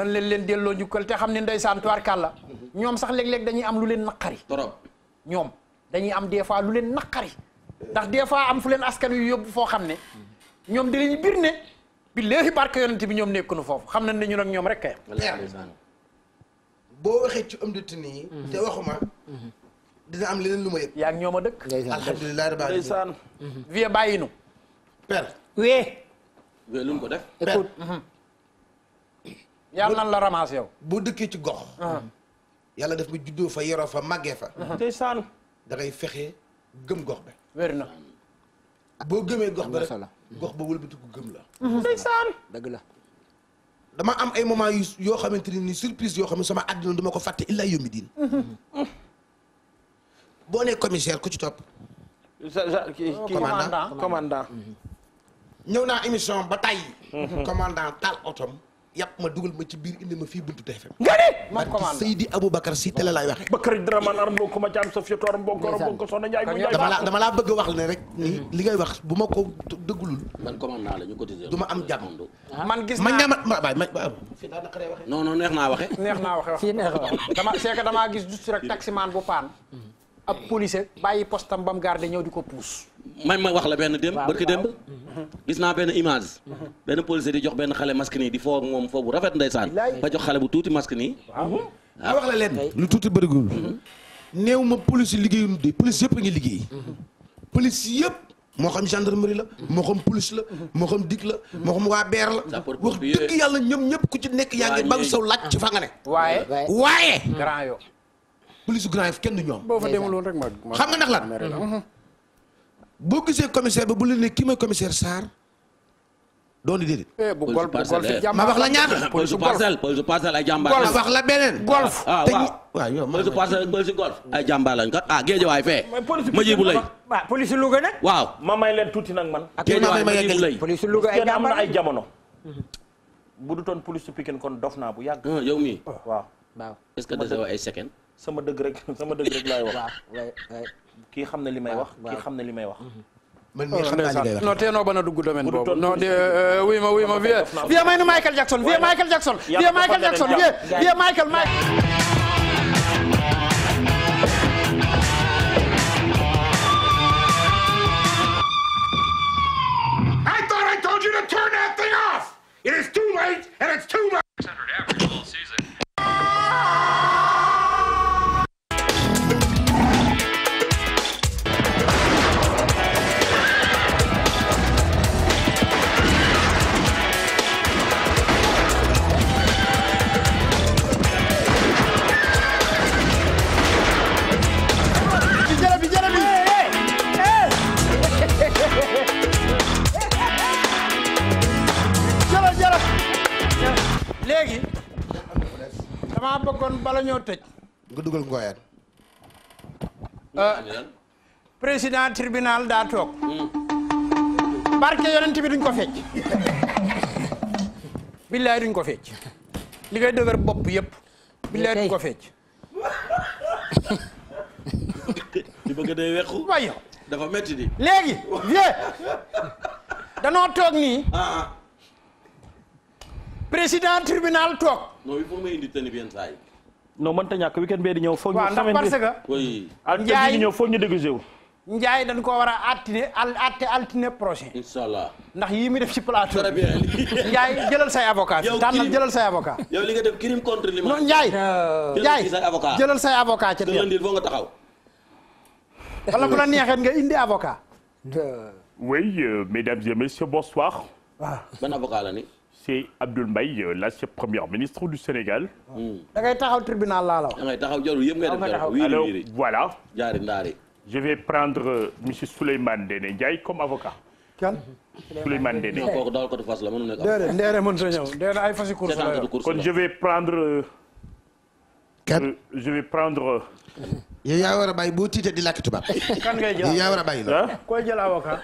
leen leen delloo njukkal te xam ne ndeysaan kàlla ñoom sax léeg-léeg dañuy am lu leen naqari trop ñoom dañuy am des fois lu leen naqari ndax des fois am fu leen askan yu yóbbu foo xam ne ñoom dinañ bir ne bi léegi barke yonent bi ñoom nekkunu foofu xam nañ ne ñu nag ñoom rek kay boo waxee ci ëmditi nii mm-hmm. te waxuma mm-hmm. dina am leneen lu ma yëg yaa ngi ñoom a dëkk alhamdulilah rabbil alamin ndeysaan mm-hmm. vie bàyyi nu per wee wee lu ko def écoute yàlla nan la ramasse boo dëkkee ci gox yàlla daf ma juddoo fa yoroo fa màggee fa ndeysaan da fexe gëm gox ba. wér na boo gëmee gox ba rek gox ba gëm la. Mhm. ndeysaan dëgg la. dama am ay moment yoo xamante ne ni surprise yoo xam ne sama àddina duma ko fàtte illaa yombi diin. Mhm. boo nee commissaire ku ci topp. Oh, kii commandant commandant. Mhm. ñëw naa émission ba tey. commandant taal otom yapp ma dugal ma ci biir indi ma fii buntu TFM. nga ni man commande Seydi Aboubacar si télé laay waxee. Bakary Dramane Armbo Kuma Thiam Sofia Tor Mbongo Mbongo Soxna Ndiaye mu dama laa bëgg a wax ne rek. ni hmm. li ngay wax bu ma ko dëggulul. la ñu cotiser du ma am jàmm. Ah. man gis naa ma ñaama ma waay ma waaw. fii daa naqaree waxee. non non neex naa waxee. neex naa waxee wax fii neex dama c'est que damaa gis juste rek bu paan. Hmm. ab policier bàyyi postam bam garde ñëw di ko puus. may ma wax la benn démb barki démb gis naa benn image benn policier di jox benn xale masque nii di foo ak moom foofu rafet ndeysaan ba jox xale bu tuuti masque nii a wax la leen lu tuuti bëriwul mm-hmm. néew ma police liggéeyunu de police yëpp a ngi liggéey mm-hmm. police yëpp moo xam gendarmerie la mm-hmm. moo xam police la moo xam dig la moo xam waa beer la wax dëgg yàlla ñëpp ñëpp ku ci nekk yaa ngi bang saw laaj ci fa nga ne waaye waaye police Grand Yoff kenn du mhm. commissaire ba bu leen ne kii mooy commissaire Sarr doon di déedéet. Eh, bu golf bu golf eh. ma wax la ñaata. police parcelle police parcelle ay jàmbaar. golf wax la beneen. golf ah waaw waaw yow police parcelle police golf ah, ma jibu lay ah, police Louga nag. waaw ma may leen tuuti nag man. ak ma jibu lay police Louga ay jàmbaar am na ay jamono. Mhm. bu du toon police Pikine kon dof naa bu yàgg. Hmm, yow mii waaw. est-ce que sama dëgg rek sama dëgg rek laay wax. waaw kii xam na li may wax. kii xam na li may wax. Mhm. man mii xam naa li ngay wax non teenoo ba na dugg domaine boobu non de wuy euh, ma wuy ma vie vie may nu Michael Jackson vie Michael Jackson vie Michael Jackson vie vie Michael Michael. It is too late, and it's too late. damaa bëggoon bala ñoo tëj. nga dugal ngooyaan. président tribunal daa toog. Hmm. barke yonent bi duñ ko fecc. billaay duñ ko fecc. ko fecc. di léegi vieux. danoo toog nii. Ah, ah. président tribunal toog. non il faut may indi tenue bi yenn saa yi. non mënta ñàkk weekend bee di ñëw. foog ñu semaine bi waaw ndax parce que. oui Ndiaye di ñëw foog ñu déguisé wu. Ndiaye dañ koo war a altine al atte altine prochain. incha allah ndax yii mi def ci plateau. très bien Ndiaye jëlal say avocat. yow tànnal jëlal say avocat. yow li nga def crime contre li. non Ndiaye. Euh, Ndiaye jëlal say avocat ca teel. foo nga taxaw. wala bu la neexee nga indi avocat. oui euh, mesdames et messieurs bonsoir. waaw ban avocat la ni. c'est Abdoul Mbaye euh, l'ancien premier ministre du Sénégal. Hmm. da ngay taxaw tribunal laa la taxaw jarul yëpp ngay def ndaari. je vais prendre euh, monsieur Souleymane Ndéné Ndiaye comme avocat. a je vais prendre. Euh, kan je vais prendre. a bàyyi boo tiitee di làkk tubaab. kan ngay jël yow yaa war a bàyyi la. Ah? koy jël avocat.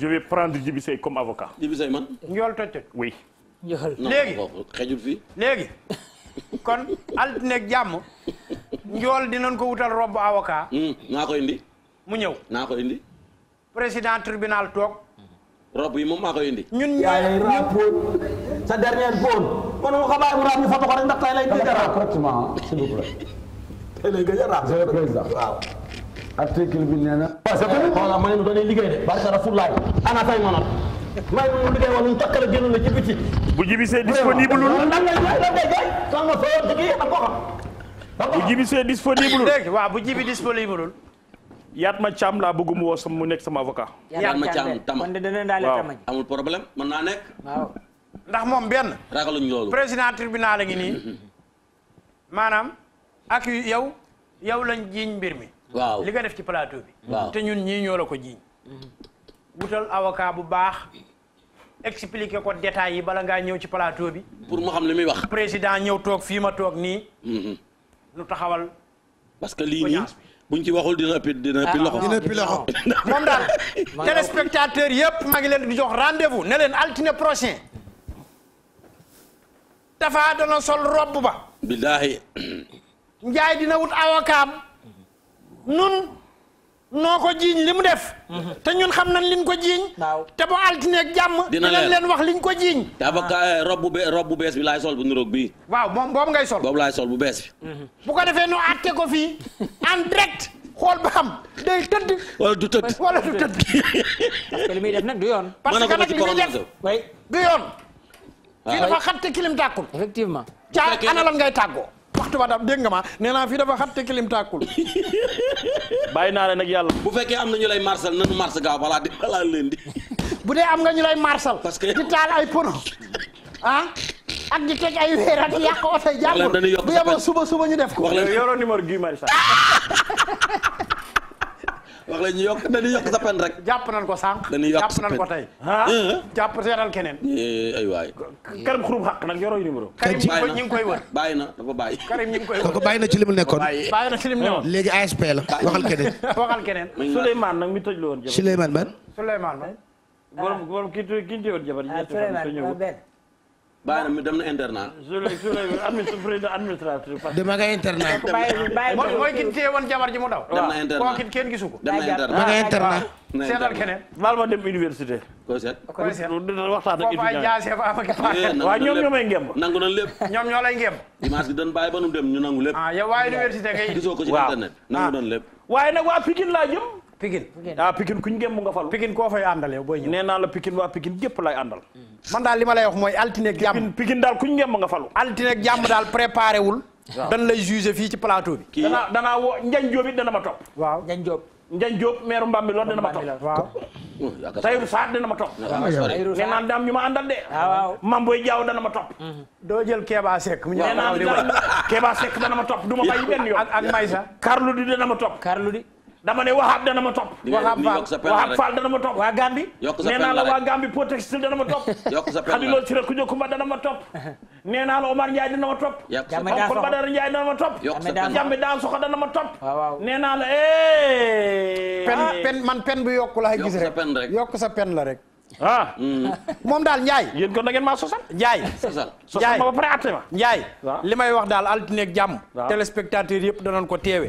je vais prendre Djibi comme avocat. Djibi Seye man. oui. njëxal léegi xejul fii léegi kon altineeg jàmm njool dinañ ko wutal robb avocat hmm, naa ko indi mu ñëw naa ko indi président tribunal toog rob yi moom maa koy indi ñun ñaay rap sa dernière pone kon mu xabaar bu rap ñu foto ko rek ndax tay lay gëj a rap correctement s'il vous a rap président waaw article bi nee na parce que xoolal ma ne nu liggéey de barka rafulaay ana tay manal may moom liggéey wala mu takkal a génn na ci bu jibisee disponible lul. lan ngay jaay lan ngay jaay. soo nga fayoo dëkk yi bu jibisee disponible lul. dégg waaw bu jibi disponible yaat ma caam laa bëgg mu woo sama mu nekk sama avocat. yaat ma caam tama kon dana daal tama amul problème mën naa nekk. ndax moom benn. ragaluñ loolu président tribunal a ngi nii. maanaam ak yow yow lañ jiiñ mbir mi. waaw li nga def ci plateau bi. waaw te ñun ñii ñoo la ko jiiñ. Mm-hmm. wutal avocat bu baax. expliquer ko détails yi bala ngaa ñëw ci plateau bi. pour mu xam li may wax. président ñëw toog fii ma toog nii. Mm-hmm. nu taxawal. parce que lii nii buñ ci waxul dina ëpp dina ëpp ah, loxo. Ah, dina ëpp loxo moom daal. téléspectateur yëpp maa leen di jox rendez-vous ne leen altine prochain. dafa dana sol robb ba. billaahi. njaay dina wut avocat nun noo ko jiiñ li mu def. Mhm. te ñun xam nañ liñ ko jiiñ. te bu altineeg jàmm. dina leen wax liñ ko jiiñ. te avocat ah. eh, rob bu be rob bu bees bi laay sol bu niroog bii. waaw moom boobu ngay sol. boobu laay sol bu bees bi. Mhm. bu ko defee nu àtte ko fii en direct xool ba xam day tëdd. wala du tëdd wala du tëdd. parce que li muy def nag du yoon. parce que nag li muy def du yoon. Ah, fii dafa xatte kilim tàkkul. effectivement caa ana ngay tàggoo. waxtu ba daam dégg ma nee naa fii dafa xatte kilim tàkkul bàyyi naa leen ak yàlla bu fekkee am nañu ñu lay marsal nanu mars gaaw balaa di balaa leen di bu dee am nga ñu lay marsal parce que di taal ay pono ah ak di teg ay a ak yàq oto jàmbur bu yeboo suba suba ñu def ko yoro numéro Guy Marius wax la ñu yokk dañuy yokk rek. jàpp nañ ko sànq. dañuy yokk sa pen jàpp nañ ko tey. Ah. Ah. Eh, eh. jàpp seetal keneen. Eh, ay waay. Karim xurum xaq nag yoroo numéro. Karim ñu ngi koy wër. bàyyi na dafa bàyyi. Karim ñu ngi koy wër kooku bàyyi na ci li mu nekkoon. bàyyi na ci li mu nekkoon. léegi ASP la waxal keneen. waxal keneen. Souleymane nag mi toj la woon. Souleymane man. Souleymane man. Ah. borom borom ki ki ñu teewoon jabar bàyyi na dem na internat. Zoulay Zoulay internat. mooy ki téye woon ji mu daw. dem na internat kooku it kenn ma dem université. koo seet koo seet ngemb. nangu na lépp. ñoom ñoo ngemb. dimanche bi dañ bàyyi ba nu dem ñu nangu lépp. Ah, ah. waaye nag waa Pikine laa Pikine ah Pikine kuñ gëm nga falu Pikine koo fay àndal yow booy naa la Pikine waa Pikine gépp lay àndal man daal li ma wax mooy altine ak jàmm Pikine daal kuñ gëm nga falu altine ak jàmm daal préparé wul dan lay jugé fii ci plateau bi danaa danaa woo Njañ Jóob it ma topp waaw Njañ Jóob Njañ Jóob meeru mbam bi loolu dana ma topp waaw Tayru Saar dana ma topp nee naa daam ñu ma àndal de ah, waaw mm-hmm. doo jël Kéba Seck mu ñëw nee naa ma topp du ma bàyyi benn yoon ak Maysa Karlu di dana ma topp dama ne waxaab dana ma topp. waxaab faal dana ma topp. waa Gambi. yokk sa nee naa la waa Gambi dana ma topp. yokk la Sira Kujo dana ma topp. naa la Omar Ndiaye dana ma topp. yokk sa penn la Oncle Badara naa la eh. ah. pen man pen bu yokku la gis rek yokk sa pen la rek. ah. Hmm. moom daal Ndiaye. yéen ko da ma maa sosal. njaay sosal sosal ma ba pare àtte ma. Ndiaye. li may wax daal altine ak jàmm. téléspectateur yëpp danoon ko teewe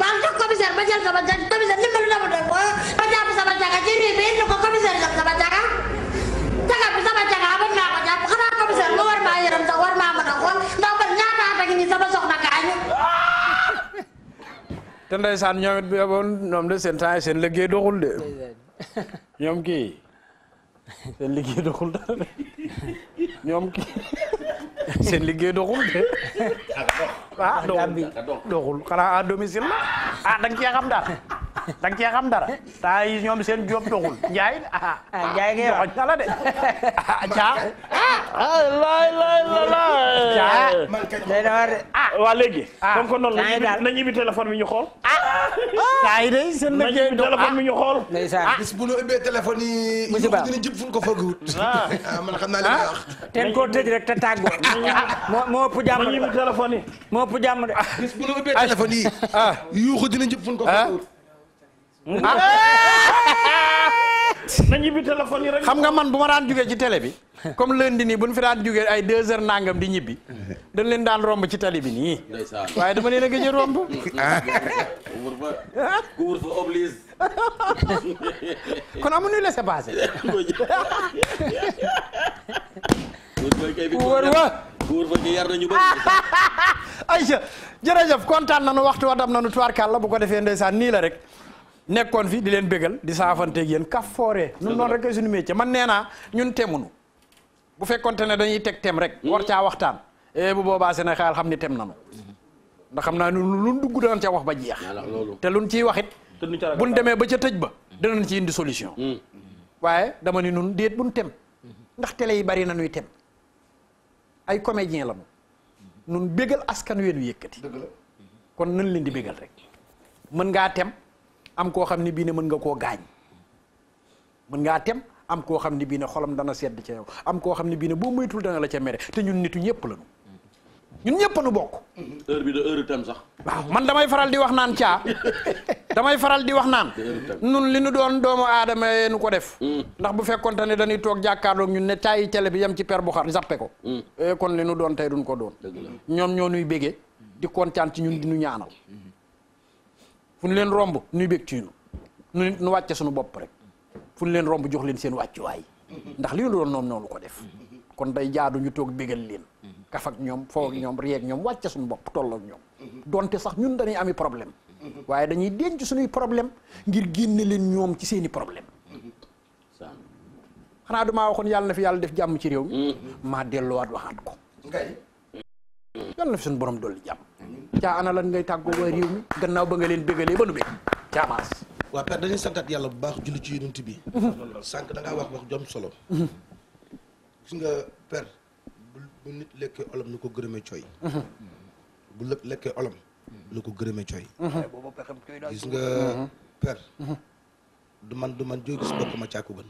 waaw jox commissaire ba jël sama jaga ci réew bi indi ko commissaire jox jaga jaga jaga bañ maa ko jàpp xanaa commissaire ba war maa yërëm sax war maa mën a xool ndax man ñaata at a ngi nii sama soxna gaañu te ndeysaan ñoom it bi de seen temps liggéey doxul de ñoom kii seen liggéey doxul de de ah doxul xanaa à domicile la ah da nga cee xam dara da nga xam dara taa yi ñoom seen job doxul njaay ah, ah. ah njaay ngay wax na la de ah caa ah, ah laay laay la laay ah waa léegi comme que noonu nañu ibi téléphone bi ñu xool ah yi day seen liggéey nañu ibi téléphone bi ñu xool ah bis yi ñu dina jëb fu ten koo tëj rek te tàggoo moo ëpp jàmm nañu téléphone yi moo ëpp jàmm de. bis ah, bu la ubbee ah, téléphone yi. ah, ah yuuxu dinañ jëpp fu ko nañu bi téléphone yi rek. xam nga man bu ma daan jugee ci tele bi comme lundi nii bu ñu fi daan jugee ay deux heures nangam di ñibbi dañ leen daan romb ci télé bi nii. waaye dama leen a gëj romb. couvre-feu oblige. kon amuñu laisser wa. góor ba ñu yar nañu bëri. ayca jërëjëf kontaan nañu waxtu wa dab nañu tubaarkàlla bu ko defee ndeysaan nii la rek nekkoon fi di leen bégal di saafanteeg yéen kaf fooree. nun noonu rek suñu métier man nee naa ñun temunu bu fekkonte ne dañuy teg tem rek. war hmm. caa waxtaan. Eh, bu boobaa Sénégal xam ni tem na nanu ndax xam naa ne luñ dugg danañ ca wax ba jeex. te luñ ciy wax it. buñ demee ba ca tëj ba. danañ ci indi solution. Hmm. waaye dama ni nun déet buñ tem. ndax télé yi bari na ñuy tem. ay comédien la ñu nun bégal askan weenu yëkkati kon nan leen di bégal rek mën ngaa tem am koo xam ne bii ne mën nga koo gaañ mën ngaa tem am koo xam ne bii ne xolam dana sedd ca yow am koo xam ne bii ne boo moytul dana la ca mere te ñun nitu ñëpp lañu ñun ñëpp nu bokk. heure bi de heure sax. waaw man damay faral di wax naan caa damay faral di wax naan. nun li nu doon doomu aadama yee nu ko def. Mm. ndax bu fekkonte ne dañuy toog jàkkaarloog ñun ne caayi tele bi yem ci per bu xar zappe ko. Mm. Eh, kon li nu doon tey duñ ko doon. ñoom ñoo nuy bégee di kontaan ci ñun di nu ñaanal. fu ñu leen romb nuy bég ci ñun nu nu wàcce suñu bopp rek fu ñu leen romb jox leen seen wàccuwaay mm-hmm. ndax li nu doon noonu noonu ko def kon day jaadu ñu toog bégal leen. kaf ak ñoom foo ak ñoom réeg ñoom wàcce suñu bopp tolloo ak ñoom mhm. donte sax ñun dañuy ami problème mhm. waaye dañuy denc suñuy problème ngir génne leen ñoom ci seeni problème mhm. xanaa du waxoon yàlla na fi yàlla def jàmm ci réew mi maa delluwaat waxaat ko yàlla na fi suñu borom dolli jàmm caa ana lan ngay tàggoo waa réew mi gannaaw ba nga leen bégalee ba nu bég caamaas waa père dañuy santaat yàlla bu baax julli ci yonent bi sànq da wax wax jom solo bu nit lekkee olom na ko gërëmee cooy. Mhm. bu lëkk lekkee olom na ko gërëmee cooy. Mhm. gis nga mhm. per. du man du man joo gis bokk ma càkku gën.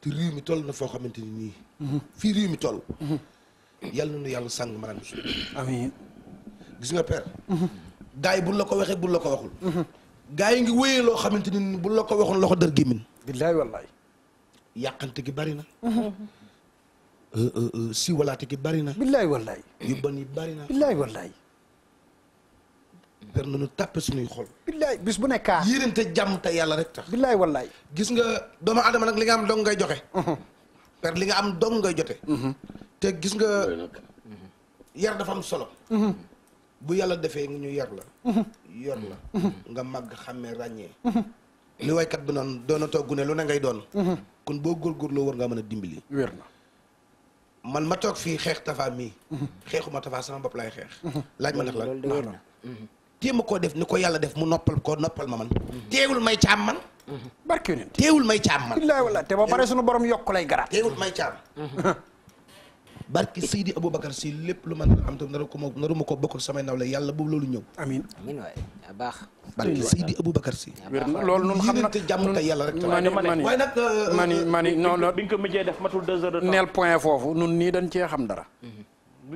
te réew mi toll na foo xamante ni nii. fii réew mi toll. yàlla na nu yàlla sàng maanaam suuf. amiin gis nga per. gars yi buñ la ko waxee buñ la ko waxul. gars yi ngi wéyee loo xamante ni la ko waxoon loxo dër gémmin. billaay gi bari na. Euh, euh, euh, si walaate gi bari na. billaay wallaay. yu bon yi bari na. billaay wallaay. dar nañu tàppe suñuy xol. billaay bis bu nekkaa. Ah. yéenante jàmm te yàlla rek tax. billaay wallaay. gis nga doomu aadama nag li nga am dong ngay joxe. per mhm. li nga am dong ngay jote. Mhm. te gis nga. Mhm. yar dafa am solo. bu yàlla defee ñu yar la. yor la. nga màgg xàmmee ràññee. li waykat bi noonu doonatoo gune lu ne ngay doon. kon boo góorgóorloo war ngaa mën a dimbali. man ma toog fii xeex Tapha mii. xeexuma Tapha sama bopp laay xeex. laaj ma ndax la non téema koo def ni ko yàlla def mu noppal ko noppal ma man. teewul may caam man. barke teewul may caam man. illaahi wallaahi te ba pare sunu borom yokk lay garaat. teewul may caam. barki Seydi Aboubacar si lépp lu man am tam naru ko ma naru ma ko bokk samay nawle yàlla boobu loolu ñëw. amiin amiin waay baax. barki Seydi Aboubacar si. loolu noonu xam na te jàmm te yàlla rek. mani mani waaye nag. Euh, mani euh, mani non non bi nga ko mujjee def matul deux heures de temps. neel point foofu nun nii dañ cee xam dara.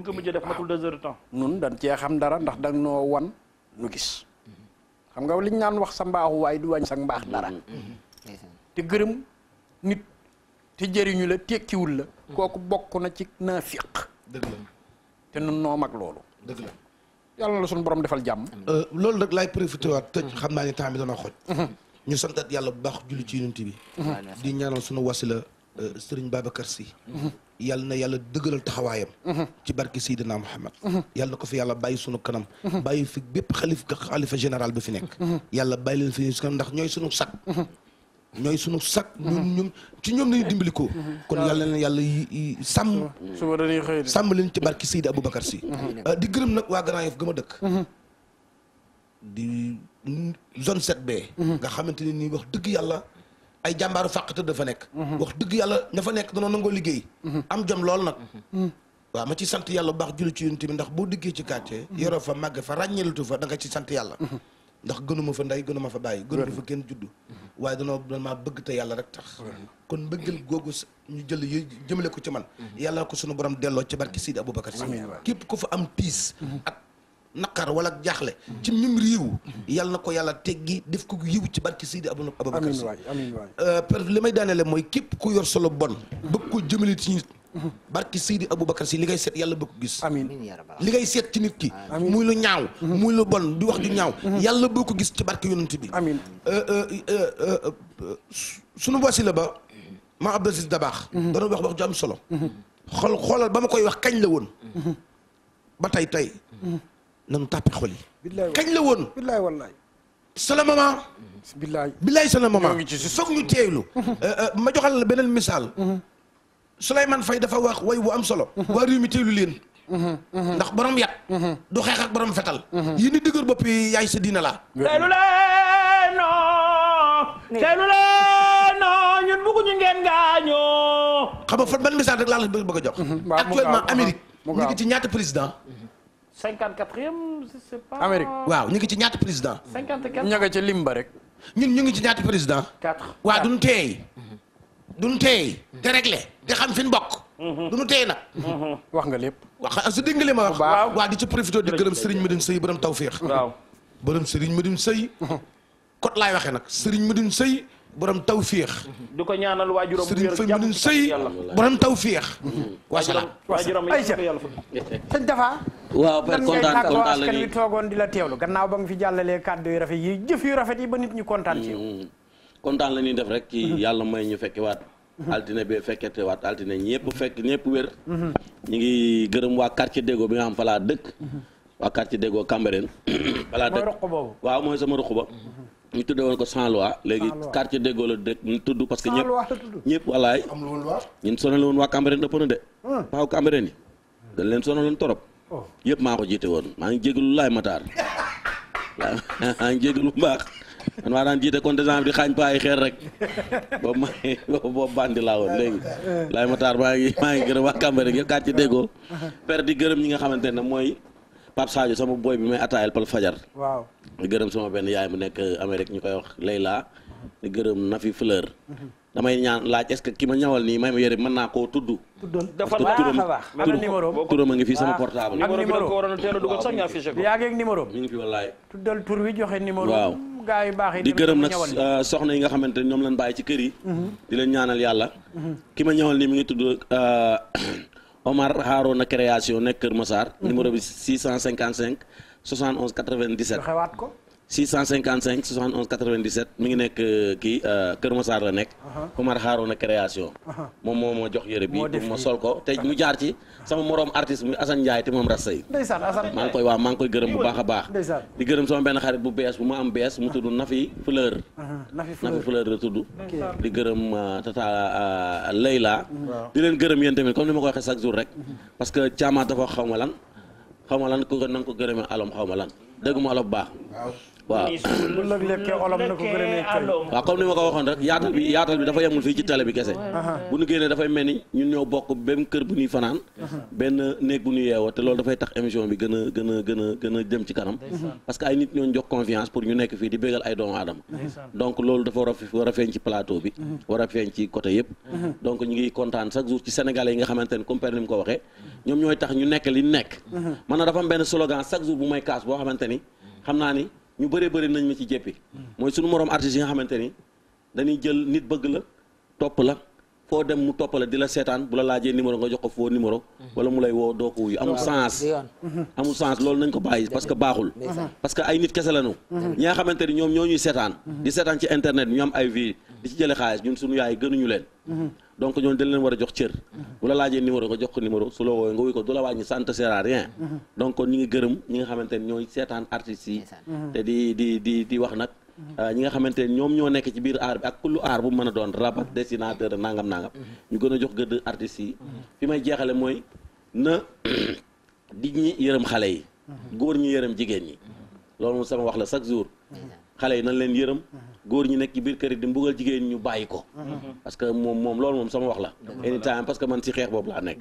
ko mujjee def matul deux heures de temps. nun dañ cee xam dara ndax da noo wan nu gis. xam nga liñ naan wax sa mbaaxu waaye di wañ sa mbaax dara. te mm-hmm. mm-hmm. gërëm nit. te la tekkiwul la mm-hmm. kooku bokk ci naafiq la te nun noo mag loolu dëgg la yàlla la suñu borom defal jàmm euh, loolu nag laay profité waat tëj mm-hmm. xam naa ne temps a dana xoj mm-hmm. ñu santat yàlla bu baax julli ci yonent bi di ñaanal suñu wasila euh, sëriñ Babacar Sy yàlla na yàlla dëggalal taxawaayam ci barki Seydina Muhammad yàlla na ko fi yàlla bàyyi sunu kanam bàyyi fi bépp xalif xalifa général bi fi nekk yàlla bàyyi leen fi sunu ndax ñooy sunu sag ñooy sunu sag. ñun ñun ci ñoom lañu dimbali ko. kon yàlla na yàlla yi sàmm. suba dañuy xëy sàmm leen ci barki Seydi Aboubacar si ah, di gërëm nag waa Grand Yoff gëma dëkk. Mhm. di zone 7B. Mhm. nga xamante ne nii wax dëgg yàlla ay jàmbaaru fàqate dafa nekk. Mhm. wax dëgg yàlla ña fa nekk danoo nangoo liggéey. am jom lool nag. waaw ma ci sant yàlla bu baax julli ci yonent bi ndax boo diggee ci quartier. yoroo fa màgg fa ràññeelatu fa da nga ci sant yàlla. ndax gënuma fa ndey gënuma fa bàyyi gënuma fa kenn juddu waaye danoo dama bëgg te yàlla rek tax kon mbëggeel googu ñu jël yu jëmale ko ci man mhm. yàlla ko sunu borom delloo ci barke Sidi Aboubacar Si képp ko fa am tiis mhm. ak naqar wala jaaxle mhm. ci mim réew yàlla na ko yàlla teggi def ko yiw ci barke Sidi Aboubacar Si amiin waay amiin waay euh, li may daaneele mooy képp ku yor solo bon bëgg ko jëmale ci barki Seydi Aboubacar si li ngay seet yàlla bëgg ko gis. amiin li ngay seet ci nit ki. muy lu ñaaw. muy lu bon di wax ju ñaaw. Mhm. Mhm. yàlla bëgg ko gis ci barki yonent bi. amiin euh, euh, euh, sunu wasi la ba. ma Abdou Aziz Dabaax. Mhm. dana wax wax am solo. xool xoolal ba ma koy wax kañ la woon. ba tey tey. nanu tàppe xol yi. kañ la woon. billaay wallaay. sala maman. billaay billaay sala maman. soog ñu teeylu. ma joxal la beneen misaal. Souleymane Faye dafa wax way bu am solo. Mhm. waa réew mi teelu leen. Mhm. Mhm. ndax boroom yat. du xeex ak borom fetal. yi ni dëgër bopp yi yaay sa diina laa. teelu leen noo. teelu leen noo ñun bëgguñu ngeen gaañoo. xam ba fan ban message rek laa la bëgg a jox. actuellement Amérique. mu ngi ci ñaata président. 54e je sais waaw ñu ngi ci ñaata président. 54 ña nga ca limba rek. ñun ñu ngi ci ñaata président. 4 waaw duñu teey. duñu téye di réglé di xam fi ñu bokk. Mhm. duñu téye nag. Mhm. wax nga lépp. wax ah, su dégg nga li ma wax. waaw waaw di ci profité di gërëm Serigne Medoune Seye borom tawféex. waaw borom Serigne Medoune Seye. laay waxee nag Serigne Medoune Seye borom tawféex. Mhm. du ko ñaanal waajuram Serigne Faye Medoune Seye borom tawféex. wasalaam waajuram yàlla sëñ Dafa. waaw per kontaan kontaan la nii lan ngay tàggoo askan wi toogoon di la teewlu gannaaw ba nga fi jàllalee kàddu yu rafet yi jëf yu rafet yi ba nit ñu kontaan ci kontaan la ñuy def rek ci mhm. yàlla may ñu fekke waat mhm. altine bi fekkete waat altine ñëpp fekk ñëpp wér mhm. ñu ngi gërëm waa quartier Déggo bi nga xam fa laa dëkk waa quartier Déggo Cambérène falaa dëkk waaw mooy sama ruq ba ñu tuddee woon ko sans loi léegi quartier Déggo la dëkk ñu tudd parce que ñëpp ñëpp wallaay ñun sonal woon waa Cambérène ëpp na de hmm. waaw Cambérène yi hmm. dañ leen sonaloon torop oh. yëpp maa ko jiite woon maa ngi jégalu laay mataar maa ngi jégalu mbaax man maa daan jiite contestant bi di xaañ paa yi xeer rek boobu ma boobu bandi laa woon léegi laay ma taar maa ngi maa ngi gërëm waa Cambérène yëpp kaat ci déggoo per gërëm ñi nga xamante ne mooy Pape Sadio sama booy bi may attaayal pal fajar waaw di gërëm sama benn yaay mu nekk Amérique ñu koy wax Layla di gërëm fi Fleur damay ñaan laaj est-ce que ki ma ñawal nii may ma yére mën naa koo tudd. dafa baax a numéro turam a ngi fii sama portable. ak a a dugal sax nga ngi ak numéro. mi ngi fi wallaay. tuddal tur wi joxe numéro. waaw. gaa yu baax yi di gërëm nag euh, soxna yi nga xamante ne ñoom lañ bàyyi ci kër yi mhm. di leen ñaanal yàlla mhm. ki ma ñëwal nii mi ngi tudd euh, Omar Harouna création nekk Kër Massar mhm. numéro bi 655 71 97 joxewaat ko 655 71 97 mi ngi nekk euh, kii euh, Kër Massar la nekk. Omar Harouna création. moom moo ma jox yëre bi ma sol ko te mu jaar ci sama morom artiste muy Assane Ndiaye te moom Rassay. ndeysaan maa ngi koy waaw maa ngi koy gërëm bu baax a baax. di gërëm sama benn xarit bu bees bu ma am bees mu tudd Nafi Fleur. Nafi Fleur Nafi Fleur la tudd. di gërëm euh, tata Layla. di leen gërëm yéen tamit comme ni ma ko waxee chaque jour rek. Mhm. parce que caamaa dafa xaw ma lan xaw ma lan ko na nga ko alom xaw ma lan dégg ma olof baax. waaw bu lëkkalee xolam na ko comme ni ma ko waxoon rek yaatal bi yaatal bi dafa yemul fii ci télé bi kese. bu ñu génnee dafay mel ni ñun ñoo bokk benn kër bu ñuy fanaan. benn néeg bu ñuy yeewoo te loolu dafay tax émision bi gën a gën a gën gën a jëm ci kanam. parce que ay nit ñoo jox confiance pour ñu nekk fii di bégal ay doomu aadama. donc loolu dafa war a feeñ ci plateau bi. war a feeñ ci côté yëpp. donc ñu ngi kontaan chaque jour ci sénégalais yi nga xamante ne comme père ni mu ko waxee. ñoom ñu nekk li nekk. man na dafa am benn slogan chaque jour bu may boo xamante ni xam naa ni ñu bëree bëri nañ ma ci jéppi mooy suñu moroom artistes yi nga xamante ni dañuy jël nit bëgg la topp la foo dem mu toppale di la seetaan bu la laajee numéro nga jox ko foo numéro wala mu lay woo doo ko wuyu amul sens amul sens loolu nañ ko bàyyi parce que baaxul parce que ay nit kese lañu ñi xamante ni ñoom ñoo ñuy seetaan di seetaan ci internet ñu am ay di ci jële xaalis ñun suñu yaay gënuñu leen donc ñooñu dañ leen war a jox cër bu la laajee numéro nga jox ko numéro su la woowee nga wuy ko du la wàññi sant sert à rien donc kon ñi ngi gërëm ñi nga xamante ne ñooy seetaan artistes yi mm-hmm. te di di di wax nag mm-hmm. ah, ñi nga xamante ne ñoom ñoo nekk ci biir aar bi ak kullu aar bu mën a doon rab ak mm-hmm. dessinateur nangam nangam ñu gën a jox gëdd artistes yi fi may jeexale mooy na di ñi yërëm xale yi góor ñi yërëm jigéen ñi loolu sama wax la chaque jour xale yi nañ leen yërëm góor ñi nekk ci biir kër yi di mbugal jigéen ñu bàyyi ko parce que moom moom loolu moom sama wax la anytime parce que man si xeex boob laa nekk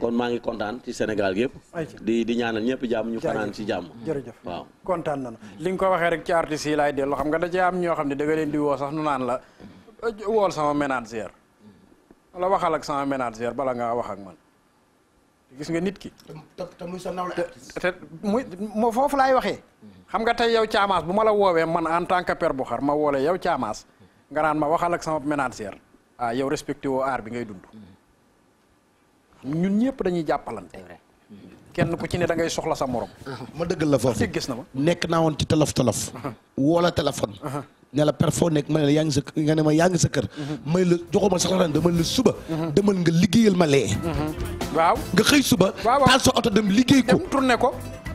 kon maa ngi kontaan ci Sénégal yëpp di di ñaanal ñëpp jàmm ñu fanaan ci jàmm jërëjëf waaw kontaan na li nga ko waxee rek ci artistes yi laay dellu xam nga da cee am ñoo xam ne da leen di woo sax nu naan la wool sama ménagère wala waxal ak sama ménagère bala ngaa wax ak man gis nga nit ki. te muy mu moo foofu laay waxee. xam nga tey yow caamaas bu ma la woowee man en tant que per bu xar ma woole yow caamaas nga naan ma waxal ak sama ménagère ah yow respecté woo aar bi ngay dund. ñun ñëpp dañuy jàppalante. kenn ku ci ne da ngay soxla sa morom. Ah, ma dëggal la foofu gis na ma. nekk naa woon ci tolof tolof. woo la ne la perfo nekk ma ne la yaa ngi sa nga ne ma may la joxuma sax ren dama la suba. demal nga liggéeyal ma lee. waaw nga xëy suba. waaw taal sa oto dem liggéey ko dem tourné ko.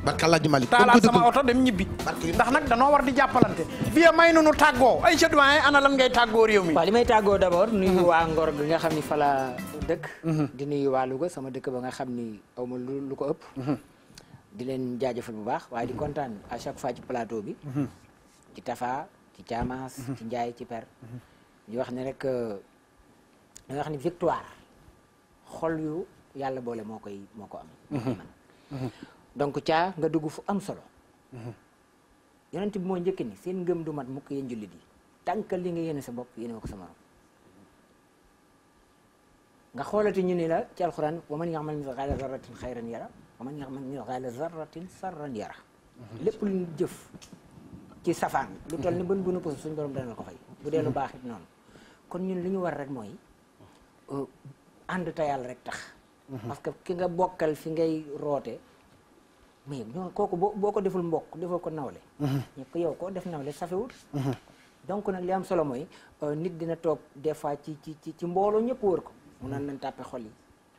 barka El Hadj Malick taalaat sama oto dem ñibbi. ndax nag danoo war di jàppalante. bii may nu nu tàggoo ay ca doyen ana lan ngay tàggoo réew mi. waaw li may tàggoo d'abord nuyu mhm. waa Ngor gi nga xam ni fa la dëkk. Mhm. di nuyu waa Louga sama dëkk ba nga xam ni aw ma lu ko ëpp. Mhm. di leen jaajëfal bu baax waaye di kontaan à chaque fois plateau bi. ci Tafa ci caamaas mhm. ci njaay ci per ñu wax ne rek euh, da wax xam ne victoire xol yu yàlla boole moo koy moo ko am man mhm. mhm. donc caa nga dugg fu am solo yonent bi moo njëkk ni seen ngëm du mat mukk yéen jullit yi tànkal li nga yéene sa bopp yéene ko sa morom nga xoolati ñu ni la ci alxuraan wa ma yaxmal misqaala zarratin xayran yara wa man yaxmal misqaala zarratin sarran yara lépp lu jëf ci safaan bi lu toll ni bën bunu pos suñu borom dana ko fay bu dee lu baax it noonu kon ñun li ñu war rek mooy euh, ànd te yàlla rek tax parce que ki nga bokkal fi ngay roote mais ñoo kooku boo ko deful mbokk defoo ko nawle ñu ko yow koo def nawle safewut li am solo mooy euh, nit dina toog des fois ci ci ci ci mbooloo ñëpp wër ko mu naan nañ tàppe xol yi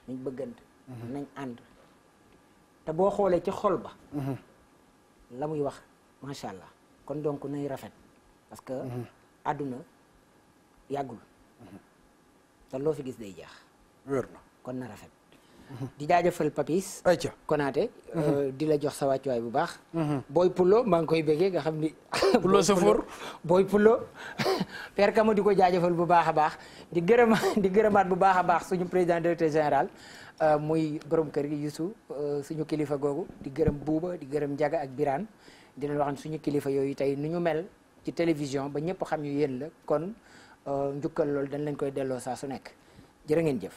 nañ bëggante nañ ànd te boo xoolee ci xol ba la muy wax macha allah kon donc nay rafet parce que mhm. àdduna yàggul te loo fi gis day jeex kon na rafet mhm. di jaajëfal papis konaate mhm. euh, di la jox sa wàccuwaay bu baax booy pulo maa ngi koy bëggee nga xam ni pulo safoor booy pulo père kama di ko jaajëfal bu baax a baax di gërëm di gërëmaat bu baax a baax suñu président directeur général euh, muy borom kër gi Youssou euh, suñu kilifa googu di gërëm buuba di gërëm njaga ak biraan di leen waxan suñu kilifa yooyu tey nu ñu mel ci télévision ba ñëpp xam ñu yéen la kon euh, njukkal loolu dañ leen koy delloo saa su nekk jërë ngeen jëf.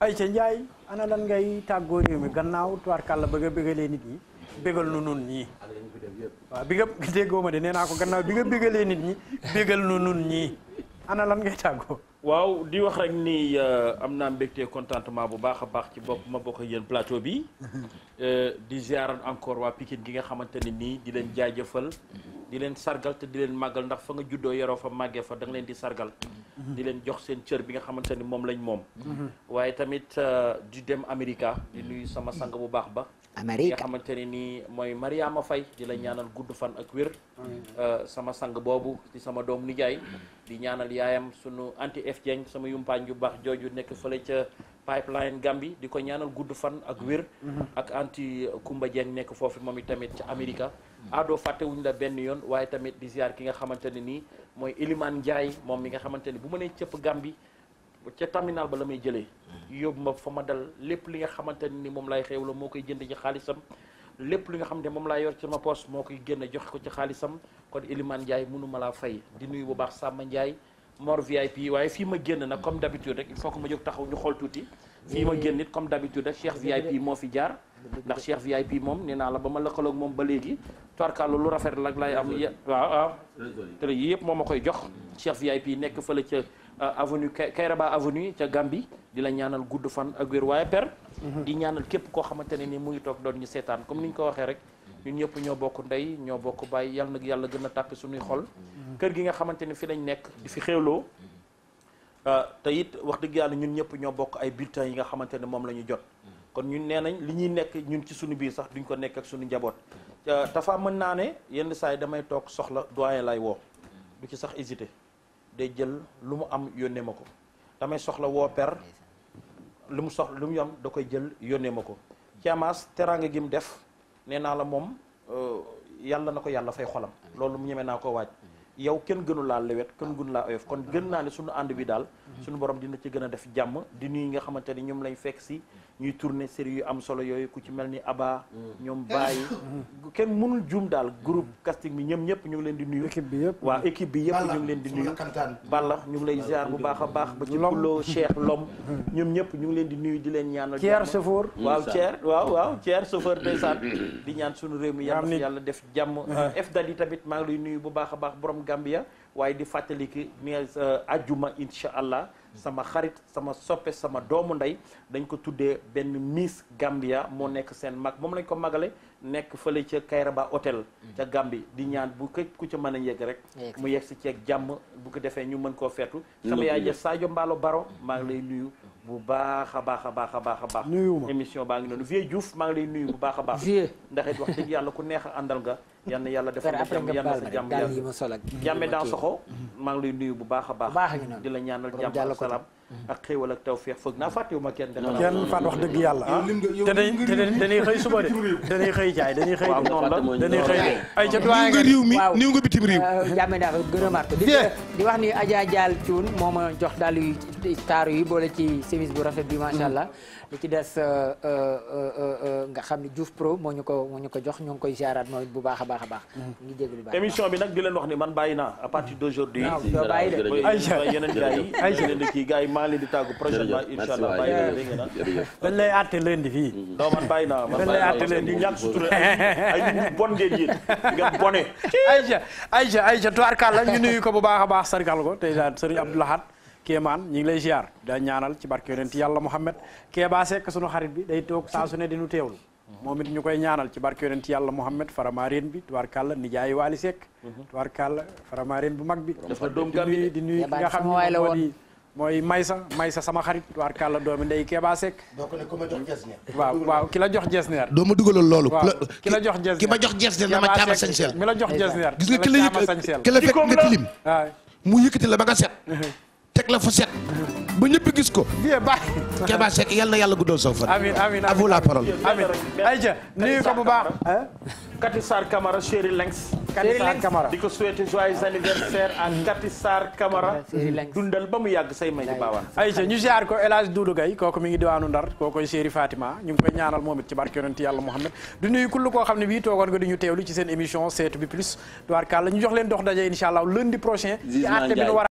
Aïcha Ndiaye ana lan ngay tàggoo réew mi gannaaw tubaarkàlla bëgg a bëggalee nit ñi bégal nu nun ñii. waaw bi nga déggoo ma de nee naa ko gannaaw bi nga bëggalee nit ñi bégal nu nun ñii ana lan ngay tàggoo. waaw di wax rek ni euh, am naa mbégte contentement bu baax a baax ci bopp ma bokk yéen plateau bi euh, di ziaran encore waa Pikine gi nga xamante ne nii di leen jaajëfal di leen sargal te di leen màggal ndax fa nga juddoo yaroo fa màggee fa da nga leen di sargal mm-hmm. di leen jox seen cër bi nga xamante ni moom lañ moom mm-hmm. waaye tamit euh, di dem Amerika di nuyu sama sang bu baax ba Amérique nga xamante ne nii mooy Mariama fay di la ñaanal gudd fan ak wér. Euh, sama sang boobu di sama doom nijaay di ñaanal yaayam sunu anti F Dieng sama yumpaañ bu baax jooju nekk fële ca pipeline Gambie di ko ñaanal gudd fan ak wér. ak anti Kumba Dieng nekk foofu moom itamit ca Amérique. Ado fàttewuñ la benn yoon waaye tamit di ziar ki nga xamante ne nii mooy Elimane Ndiaye moom mi nga xamante ne bu ma nee cëpp Gambie. ca terminal ba la may jëlee yóbbu ma fa ma dal lépp li nga xamante ni moom laay xew la moo koy jënd ci xaalisam lépp li nga xam ne moom laa yor ci ma poos moo koy génn joxe ko ci xaalisam kon Elimane Ndiaye mënu ma laa fay di nuyu bu baax Samba Ndiaye Mor VIP waaye fii ma génn nag comme d'habitude rek il faut que ma jóg taxaw ñu xool tuuti fii ma génn it comme d'habitude rek Cheikh VIP moo fi jaar ndax Cheikh VIP moom ne naa la ba ma lëkkaloog moom ba léegi tuarkàllu lu rafet la laay am waaw waaw télé yëpp moom ma koy jox Cheikh VIP nekk fële ca Euh, avenue Kayraba avenue ca Gambie di la ñaanal gudd fan ak wér waaye per mhm. di ñaanal képp koo xamante ne ni mu ngi toog doon ñu seetaan comme ni ñu ko waxee rek ñun ñëpp ñoo bokk ndey ñoo bokk bàyyi yàlla nag yàlla gën a tàppe suñuy xol mhm. kër gi nga xamante ne fi lañ nekk di fi xéewloo euh, te it wax dëgg yàlla ñun ñëpp ñoo bokk ay bulletins yi nga xamante ne moom la jot mhm. kon ñun nee nañ li ñuy nekk ñun ci suñu biir sax duñ ko nekk ak suñu njaboot euh, dafa mën naa ne yenn saa yi damay toog soxla doyen lay woo du ci sax hésité day jël lu mu am yónnee ma ko damay soxla woo per lu mu soxla lu mu am da koy jël yónnee ma ko Thiamas teraanga gi mu def nee naa la moom euh, yàlla na ko yàlla fay xolam loolu mu ñeme naa ko waaj yow kenn gënu laa lewet kenn gënu laa oyof kon gën naa ne suñu ànd bi daal mhm. suñu borom dina ci gën a def jàmm di nuyu nga xamante ni ñoom lañ fekk si ñuy tourné série yu am solo yooyu ku ci mel ni Aba mhm. ñoom Baye mhm. kenn mënul juum daal groupe casting bi ñoom ñëpp ñu ngi leen di nuyu équipe bi yëpp yëpp ñu ngi leen di nuyu Balla ñu ngi lay ziar bu baax ba ci Kulo Cheikh Lom ñoom ñëpp ñu ngi leen di nuyu di leen ñaanal Thier chauffeur waaw Thier waaw waaw Thier chauffeur ndeysaan ñaan suñu réew mi yàlla def jàmm F tamit maa ngi lay nuyu bu baax a baax borom Gambia waaye di fàttali ki ni eh, ajjuma incha allah sama xarit sama soppe sama doomu ndey dañ ko tuddee benn Miss Gambia moo nekk seen mag moom lañ ko magale nekk fële ca Kayraba hôtel ca Gambie di ñaan bu ko ku ca mën a yegg rek mu yegg si ceeg jàmm bu ko defee ñu mën koo feetu sama yaay ja Sadio Mballo Baro maa lay nuyu bu baax a baax a baax a baax a baax émission baa ngi noonu Vieux Diouf maa lay nuyu bu baax a baax Vieux ndax it wax dëgg yàlla ku neex a àndal nga yal na yàlla defal jàmm yal na sa jàmm baax a baax di la ñaanal jàmm ak salaam ak xéewal ak tawfeex foog naa fàttewu ma kenn defal kenn nga réew mi niw nga bitim réew euh, jàmme daa gën a marqué jox daal yu taaru yi boole ci service bu rafet bi macha allah. li ci des euh, euh, euh, nga xam ne Diouf Pro moo ñu ko moo ñu ko jox ñu ngi koy ziaraat mooy bu baax a baax a baax. Mm. ñu jégalu baax émission bi nag di leen wax ni man yi yeneen di kii gars yi maa leen di tàggu prochainement incha allah bàyyi naa dégg nga dañ lay leen di fii. non man bàyyi naa man bàyyi naa dañ lay àtte leen di ñàkk sutura ay bon ngeen yéen ngeen bone. Aïcha Aïcha Aïcha tuwaarkàlla ñu nuyu ko bu baax a baax sargal ko tey daal Serigne Abdou Kéemaan ñu ngi lay ziar da ñaanal ci barke yonent yàlla Muhammad Kéba Seck sunu xarit bi day toog saa su ne di nu teewlu moom it ñu koy ñaanal ci barke yonent yàlla Muhammad faramaareen bi tubaarkàlla nijaay Waali Seck tubaarkàlla faramaareen bu mag bi di nuyu nga xam ne mooy Maysa Maysa sama xarit tubaarkàlla doomi ndey Kéba Seck donc ne ku ma jox jesner waaw waaw ki la jox jesner doo ma dugaloon loolu ki la jox jesner ki ma jox jesner dama caama sañseel mi la jox jesner gis nga ki la yëkkati ki la fekk nga tilim mu yëkkati la ba nga set teg la fu set ba ñëpp gis ko. bien baax Kéba Seck yal na yàlla guddal saw fan. amiin amiin à vous la parole. amiin ko bu baax. Kati Sarr Camara di ko souhaiter joyeux anniversaire à Kati dundal ba mu yàgg say may di baawaan. ayca ñu ziar ko El Hadj Doudou Gaye kooku mi ngi diwaanu Ndar kookoy chéri Fatima ñu koy ñaanal moom ci barke yonent yàlla Mouhamed du nuyu kullu koo xam ne bii toogoon nga di ñu teewlu ci seen émission seetu bi plus. Duwaar Kalla ñu jox leen dox daje incha allah lundi prochain. ci àtte